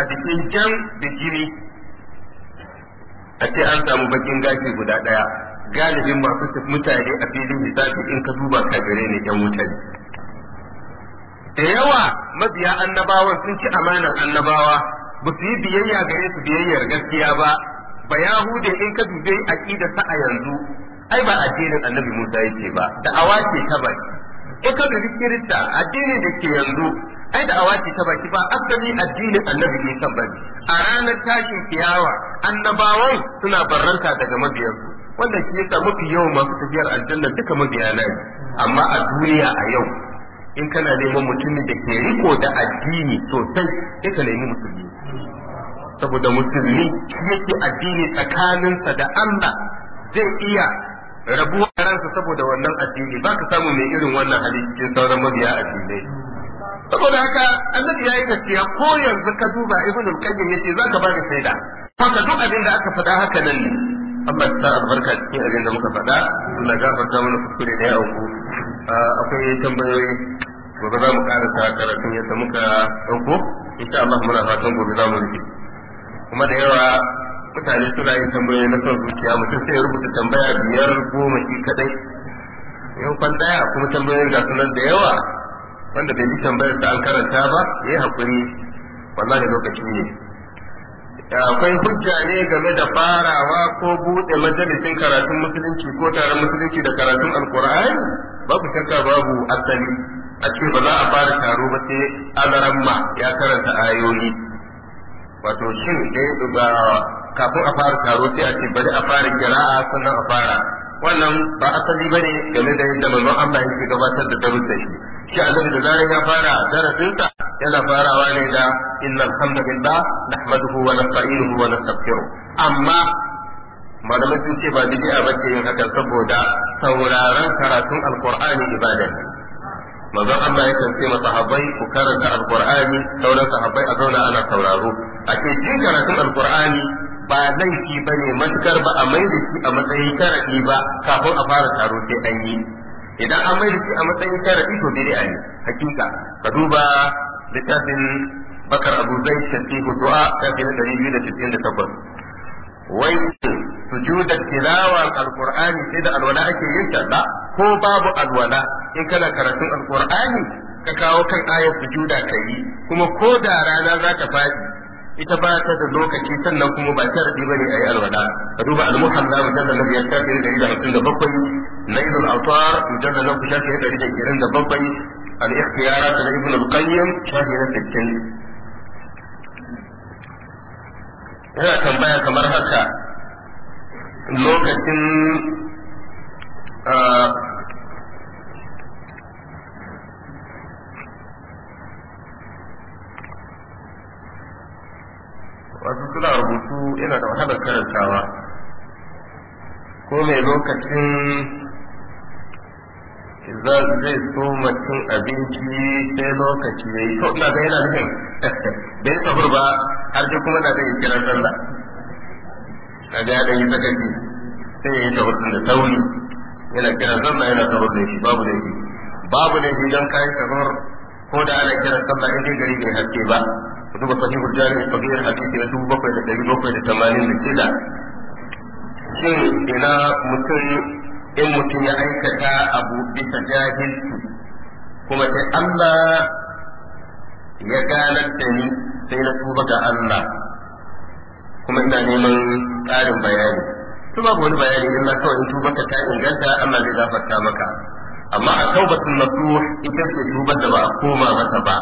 a cikin jan jini. a ce an samu bakin gashi guda ɗaya galibin masu mutane a filin hisabi in ka duba kafirai ne yan mutane da yawa mabiya annabawan sun ci amanar annabawa ba su yi biyayya ga su biyayyar gaskiya ba ba yahude in ka dube aqida sa a yanzu ai ba addinin annabi Musa yake ba da awace ta baki in ka dubi kirista addinin da ke yanzu ai da awace ta baki ba asali addinin annabi kan ba a ranar tashin kiyawa annabawan suna barranta daga mabiyansu wanda shi yasa mafi yawan masu tafiyar aljanna duka mabiya na amma a duniya a yau in kana neman mutumin da ke riko da addini sosai sai ka nemi musulmi saboda musulmi yake addini tsakaninsa da Allah zai iya rabuwa ransa saboda wannan addini ba ka samu mai irin wannan hali cikin sauran mabiya addinai saboda haka annabi yayi gaskiya ko yanzu ka duba ibn al-qayyim yace zaka ba da shaida haka duk abin da aka faɗa haka nan ne Allah ya sa albarka cikin abin da muka faɗa Allah gafarta mana kuskure da yawo Ah, akwai tambayoyi gobe za mu karasa karatun yadda muka ɗauko insha Allah muna fatan gobe za mu rike kuma da yawa mutane suna yin tambayoyi na son zuciya mutum sai ya rubuta tambaya biyar goma shi kadai yan kwan daya kuma tambayoyin ga sunan da yawa wanda bai yi tambayar ta an karanta ba ya yi hakuri wallahi lokaci ne akwai hujja ne game da farawa ko buɗe majalisin karatun musulunci ko taron musulunci da karatun alkur'ani babu shakka babu asali a ce ba za a fara taro ba sai ma ya karanta ayoyi wato shin dai eh, ba kafin a fara taro sai a ce bari a fara kira'a sannan a fara wannan ba asali bane game da yadda manzon Allah yake gabatar da darussan shi shi annabi da zaran ya fara darasinsa yana farawa ne da innal hamdalillah nahmaduhu wa nasta'inuhu wa nastaghfiruh amma malamai sun ce ba bid'a bace yin haka saboda sauraron karatun alqur'ani ibada ne manzon Allah ya kance masahabai ku karanta alqur'ani sauran sahabbai a zauna ana sauraro a ce jin karatun alqur'ani ba laifi ba ne matukar ba a mai da shi a matsayin sharaɗi ba kafin a fara taro sai an yi idan an mai da shi a matsayin sharaɗi to a yi hakika ka duba littafin bakar abu zai tasihu du'a shafi na ɗari biyu da cikin da takwas wai da tilawa alqur'ani sai da alwala ake yin ta ba ko babu alwala in kana karatun alqur'ani ka kawo kan ayar sujuda ka yi kuma ko da rana za ta faɗi ita ba ta da lokaci sannan kuma ba ta rabi bane ayi alwada alwala ka duba al muhammad mujallal na biyar shafi da ɗari da da bakwai nailul awtar mujallal na kusa shafi na ɗari da ishirin da bakwai al-ikhtiyarat da ibn al-qayyim shafi da sittin yana tambaya kamar haka lokacin ah, wasu suna rubutu yana da wahalar karantawa ko mai lokacin zai so mutum abinci sai lokaci ya yi to ina ga yana nufin bai sahur ba har ji kuma na zai kira sallah a ga da yi sakaci sai ya yi sahur da sauri yana kira sallah yana sahur da shi babu da shi babu da shi don kayan sahur ko da ana kira sallah in dai gari bai haske ba ku duba sahihul jami'i sahihul na dubu bakwai da ɗari bakwai da tamanin da shida shin ina mutum ya aikata abu bisa jahilci kuma sai Allah ya sai na tuba ga Allah kuma ina neman ƙarin bayani to babu wani bayani illa kawai in tuba ta inganta Allah zai gafarta maka amma a taubatun nasuh ita ce tubar da ba a koma mata ba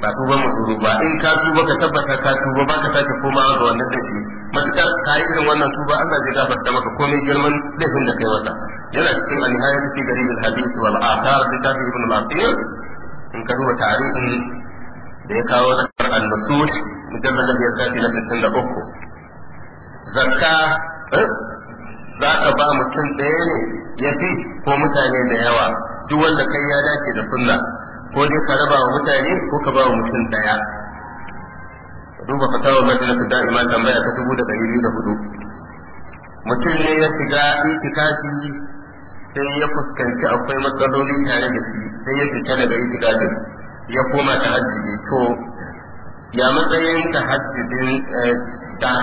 ba tuba mu turu ba in ka tuba ka tabbata ka tuba ba ka sake koma ga wannan dafi matukar ka yi irin wannan tuba Allah zai gafarta maka komai girman laifin da kai wata yana cikin al-nihayat fi garib al-hadith wal athar da kafi ibn al-asir in ka duba tarihi da ya kawo da an-nusus mujallal ya sati na 63 zakka eh, za ka ba mutum ɗaya ne ya fi ko mutane da yawa duk wanda kai ya dace da sunna ko dai ka raba wa mutane ko ka ba wa mutum daya duba fatawa majalis da'ima tambaya ta dubu da ɗari biyu da hudu mutum ne ya shiga itikafi sai ya fuskanci akwai matsaloli tare da shi sai ya fita daga itikafin ya koma ta hajji to ya matsayin ta hajjidin ta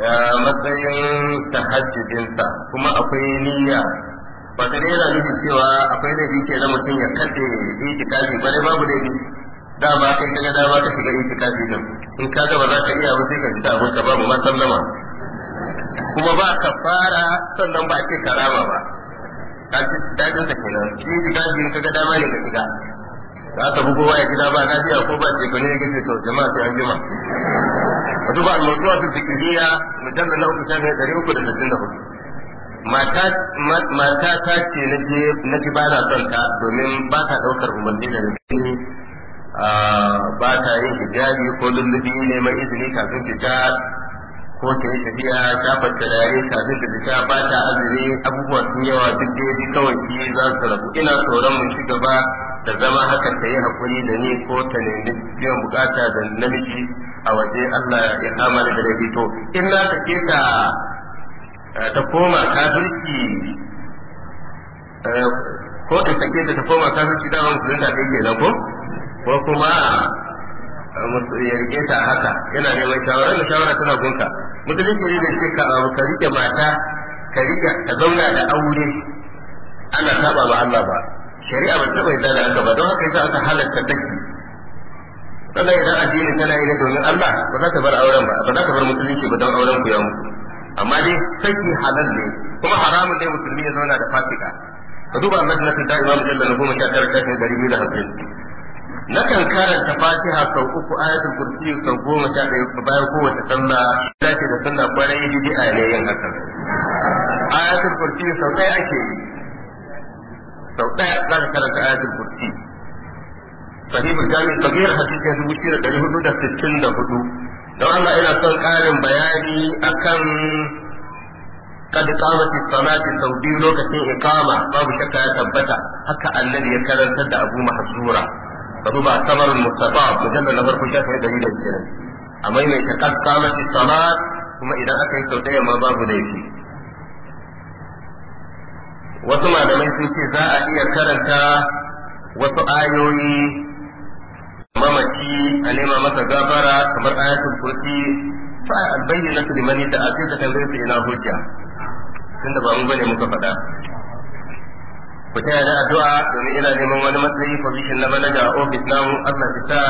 eh, eh, matsayin ta hajjidinsa kuma akwai niyya ba ta yana nufin cewa akwai laifi ke na mutum ya katse itikafi ba dai babu laifi dama kai kaga dama ka shiga itikafi din in ka ga ba za ka iya ba sai ka ji ta abinka babu ma sallama kuma ba ka fara sannan ba ce karama ba dajin ka kenan itikafi ka ga dama ne ka shiga Za ka bugo waya gida ba biya ko ba ce ya gaje to jama'a sai an jima da ba al-mawdu'atu fiqhiyya mujallal 3 shafi 364 mata ta ce na ji ba na son ta domin ba ta ɗaukar umarni da rikini ah, ba ta yin hijabi ko lullubi ne mai izini kafin fita ko ta yi tafiya shafa turare kafin ta fita ba ta azumi abubuwa sun yawa duk daidai kawai shi za su rabu ina tsoron mu ci gaba da zama haka ta yi haƙuri da ni ko ta nemi biyan bukata da namiji a waje Allah ya kama da laifi to in na ka ta Eh, ta koma kafirci eh, ko in sake ta koma kafirci dama musulunta da yake na ko ko kuma eh, ya rike ta a haka yana neman shawara da shawara tana gunka musulunci ne da ce ka ka rike mata ka rike ka zauna da aure ana saba ba Allah ba shari'a ba ta bai da haka ba don haka yasa aka halatta daki sannan idan addini tana yi ne domin Allah ba za ta bar auren ba ba za ta bar musulunci ba don auren ku ya mutu amma dai saki halal ne kuma haramun dai musulmi ya zauna da fasika ka duba majalisar da imamu jalla na goma sha tara shafin dari biyu da hamsin kan karanta fatiha sau uku ayatul kursi sau goma sha ɗaya bayan kowace sallah ce da sallah kwarai bid'a ne yin hakan ayatul kursi sau ɗaya ake yi sau ɗaya za ka karanta ayatul kursi sahihul jami'in kabir hadisi ya dubu shida ɗari hudu da sittin da hudu don Allah ina son ƙarin bayani akan kad qamati salati sau biyu lokacin inkama babu shakka ya tabbata haka annabi ya karantar da Abu Mahzura ka duba samarul mustafa mujallal na farko da 120 amma mai ta kad qamati salat kuma idan aka yi sau ɗaya ma babu laifi wasu malamai sun ce za a iya karanta wasu ayoyi mamaci a nema masa gafara kamar ayatul kursi fa albayyana su limani da ake ta tambaye su ina hujja tunda ba mu bane muka faɗa ku ta da addu'a domin ina neman wani matsayi position na manaja a office namu Allah shi sa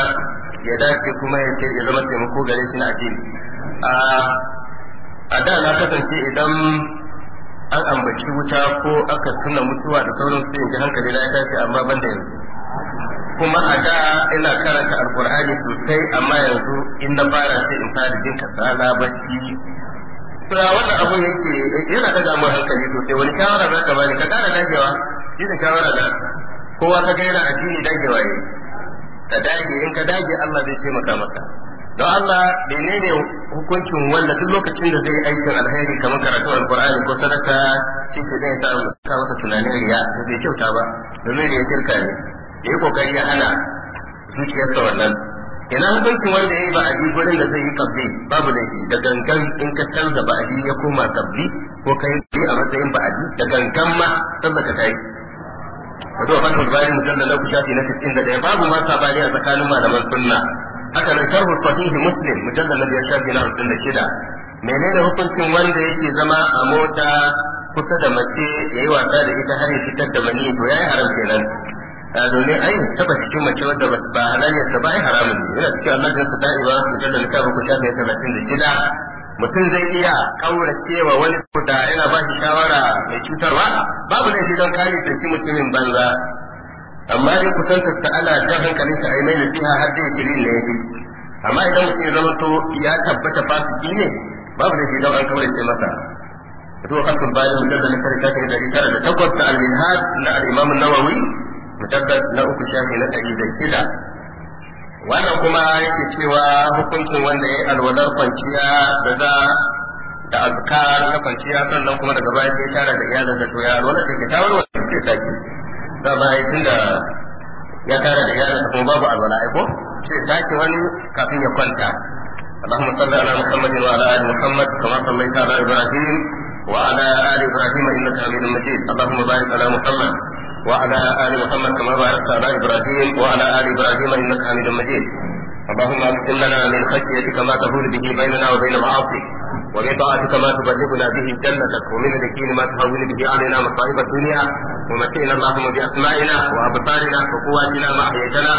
ya dace kuma ya ce ya zama taimako gare shi na addini a da na kasance idan an ambaci wuta ko aka tuna mutuwa da sauran su yanke hankali na ya tashi amma ban da yanzu kuma a da ina karanta alkur'ani sosai amma yanzu in na fara sai in fara jin kasala bacci to ya wannan abu yake yana daga mu hankali sosai wani shawara za ka bani ka kara dagewa shi da shawara da kowa ka ga yana addini dagewa yayi ka dage in ka dage Allah zai taimaka maka don Allah menene hukuncin wanda duk lokacin da zai aikin alheri kamar karatu alkur'ani ko sadaka shi ke zai samu ka masa tunanin riya da kyauta ba domin riya shirka ne ya kokari ya hana zuciyarsa wannan ina hukuncin wanda ya yi ba'adi gurin da zai yi kabbi babu laifi da gangan in ka canza ba'adi ya koma kabbi ko kai yi a matsayin ba'adi da gangan ma sanda ka kai wato a fatul bari mujallal na shafi na 91 babu ma sabani a tsakanin malaman sunna haka nan sharhu sahih muslim mujallal na biyar shafi na 56 menene hukuncin wanda yake zama a mota kusa da mace yayi wasa da ita har ya fitar da mani to yayi haram kenan Eh, domin ai taba cikin mace wadda ba halaliyar ta ba ai haramun ne yana cikin annabin ta da'i ba su jalla ta ba ku shafe talatin da shida mutum zai iya kaura cewa wani da yana ba shi shawara mai cutarwa babu laifi don kare tsanci mutumin banza amma dai kusantar ta ana jan hankalin sa ai mai nasiha har da yake ne yake amma idan mutum ya zama to ya tabbata fasiki ne babu laifi don an kaurace masa to kafin bayan mutum da na karanta ta da 1908 ta al-minhaj na al-imam an-nawawi mutabbas na uku shafi na ɗari da shida wannan kuma yake cewa hukuncin wanda ya yi alwalar kwanciya da za da azkar na kwanciya sannan kuma daga baya sai tara da iyalin da toya ya alwalar da ke tawar wanda ke za ba baya tun da ya tara da iyalin da kuma babu alwala aiko sai sake wani kafin ya kwanta اللهم صل على محمد وعلى ال محمد كما صليت على ابراهيم وعلى ال ابراهيم انك حميد مجيد اللهم بارك على محمد وعلى آل محمد كما باركت على إبراهيم وعلى آل إبراهيم إنك حميد مجيد اللهم اقسم لنا من خشيتك ما تفوز به بيننا وبين معاصيك وبطاعتك ما تبلغنا به جنتك ومن اليقين ما تهون به علينا مصائب الدنيا ومتعنا اللهم باسمائنا وابصارنا وقواتنا ما احييتنا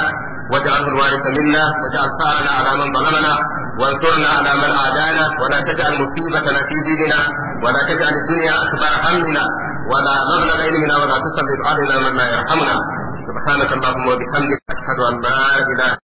واجعله الوارث منا واجعل ثارنا على من ظلمنا وانصرنا على من عادانا ولا تجعل مصيبتنا في ديننا ولا تجعل الدنيا اكبر همنا ولا مبلغ علمنا ولا تسلط علينا من لا يرحمنا سبحانك اللهم وبحمدك اشهد ان لا اله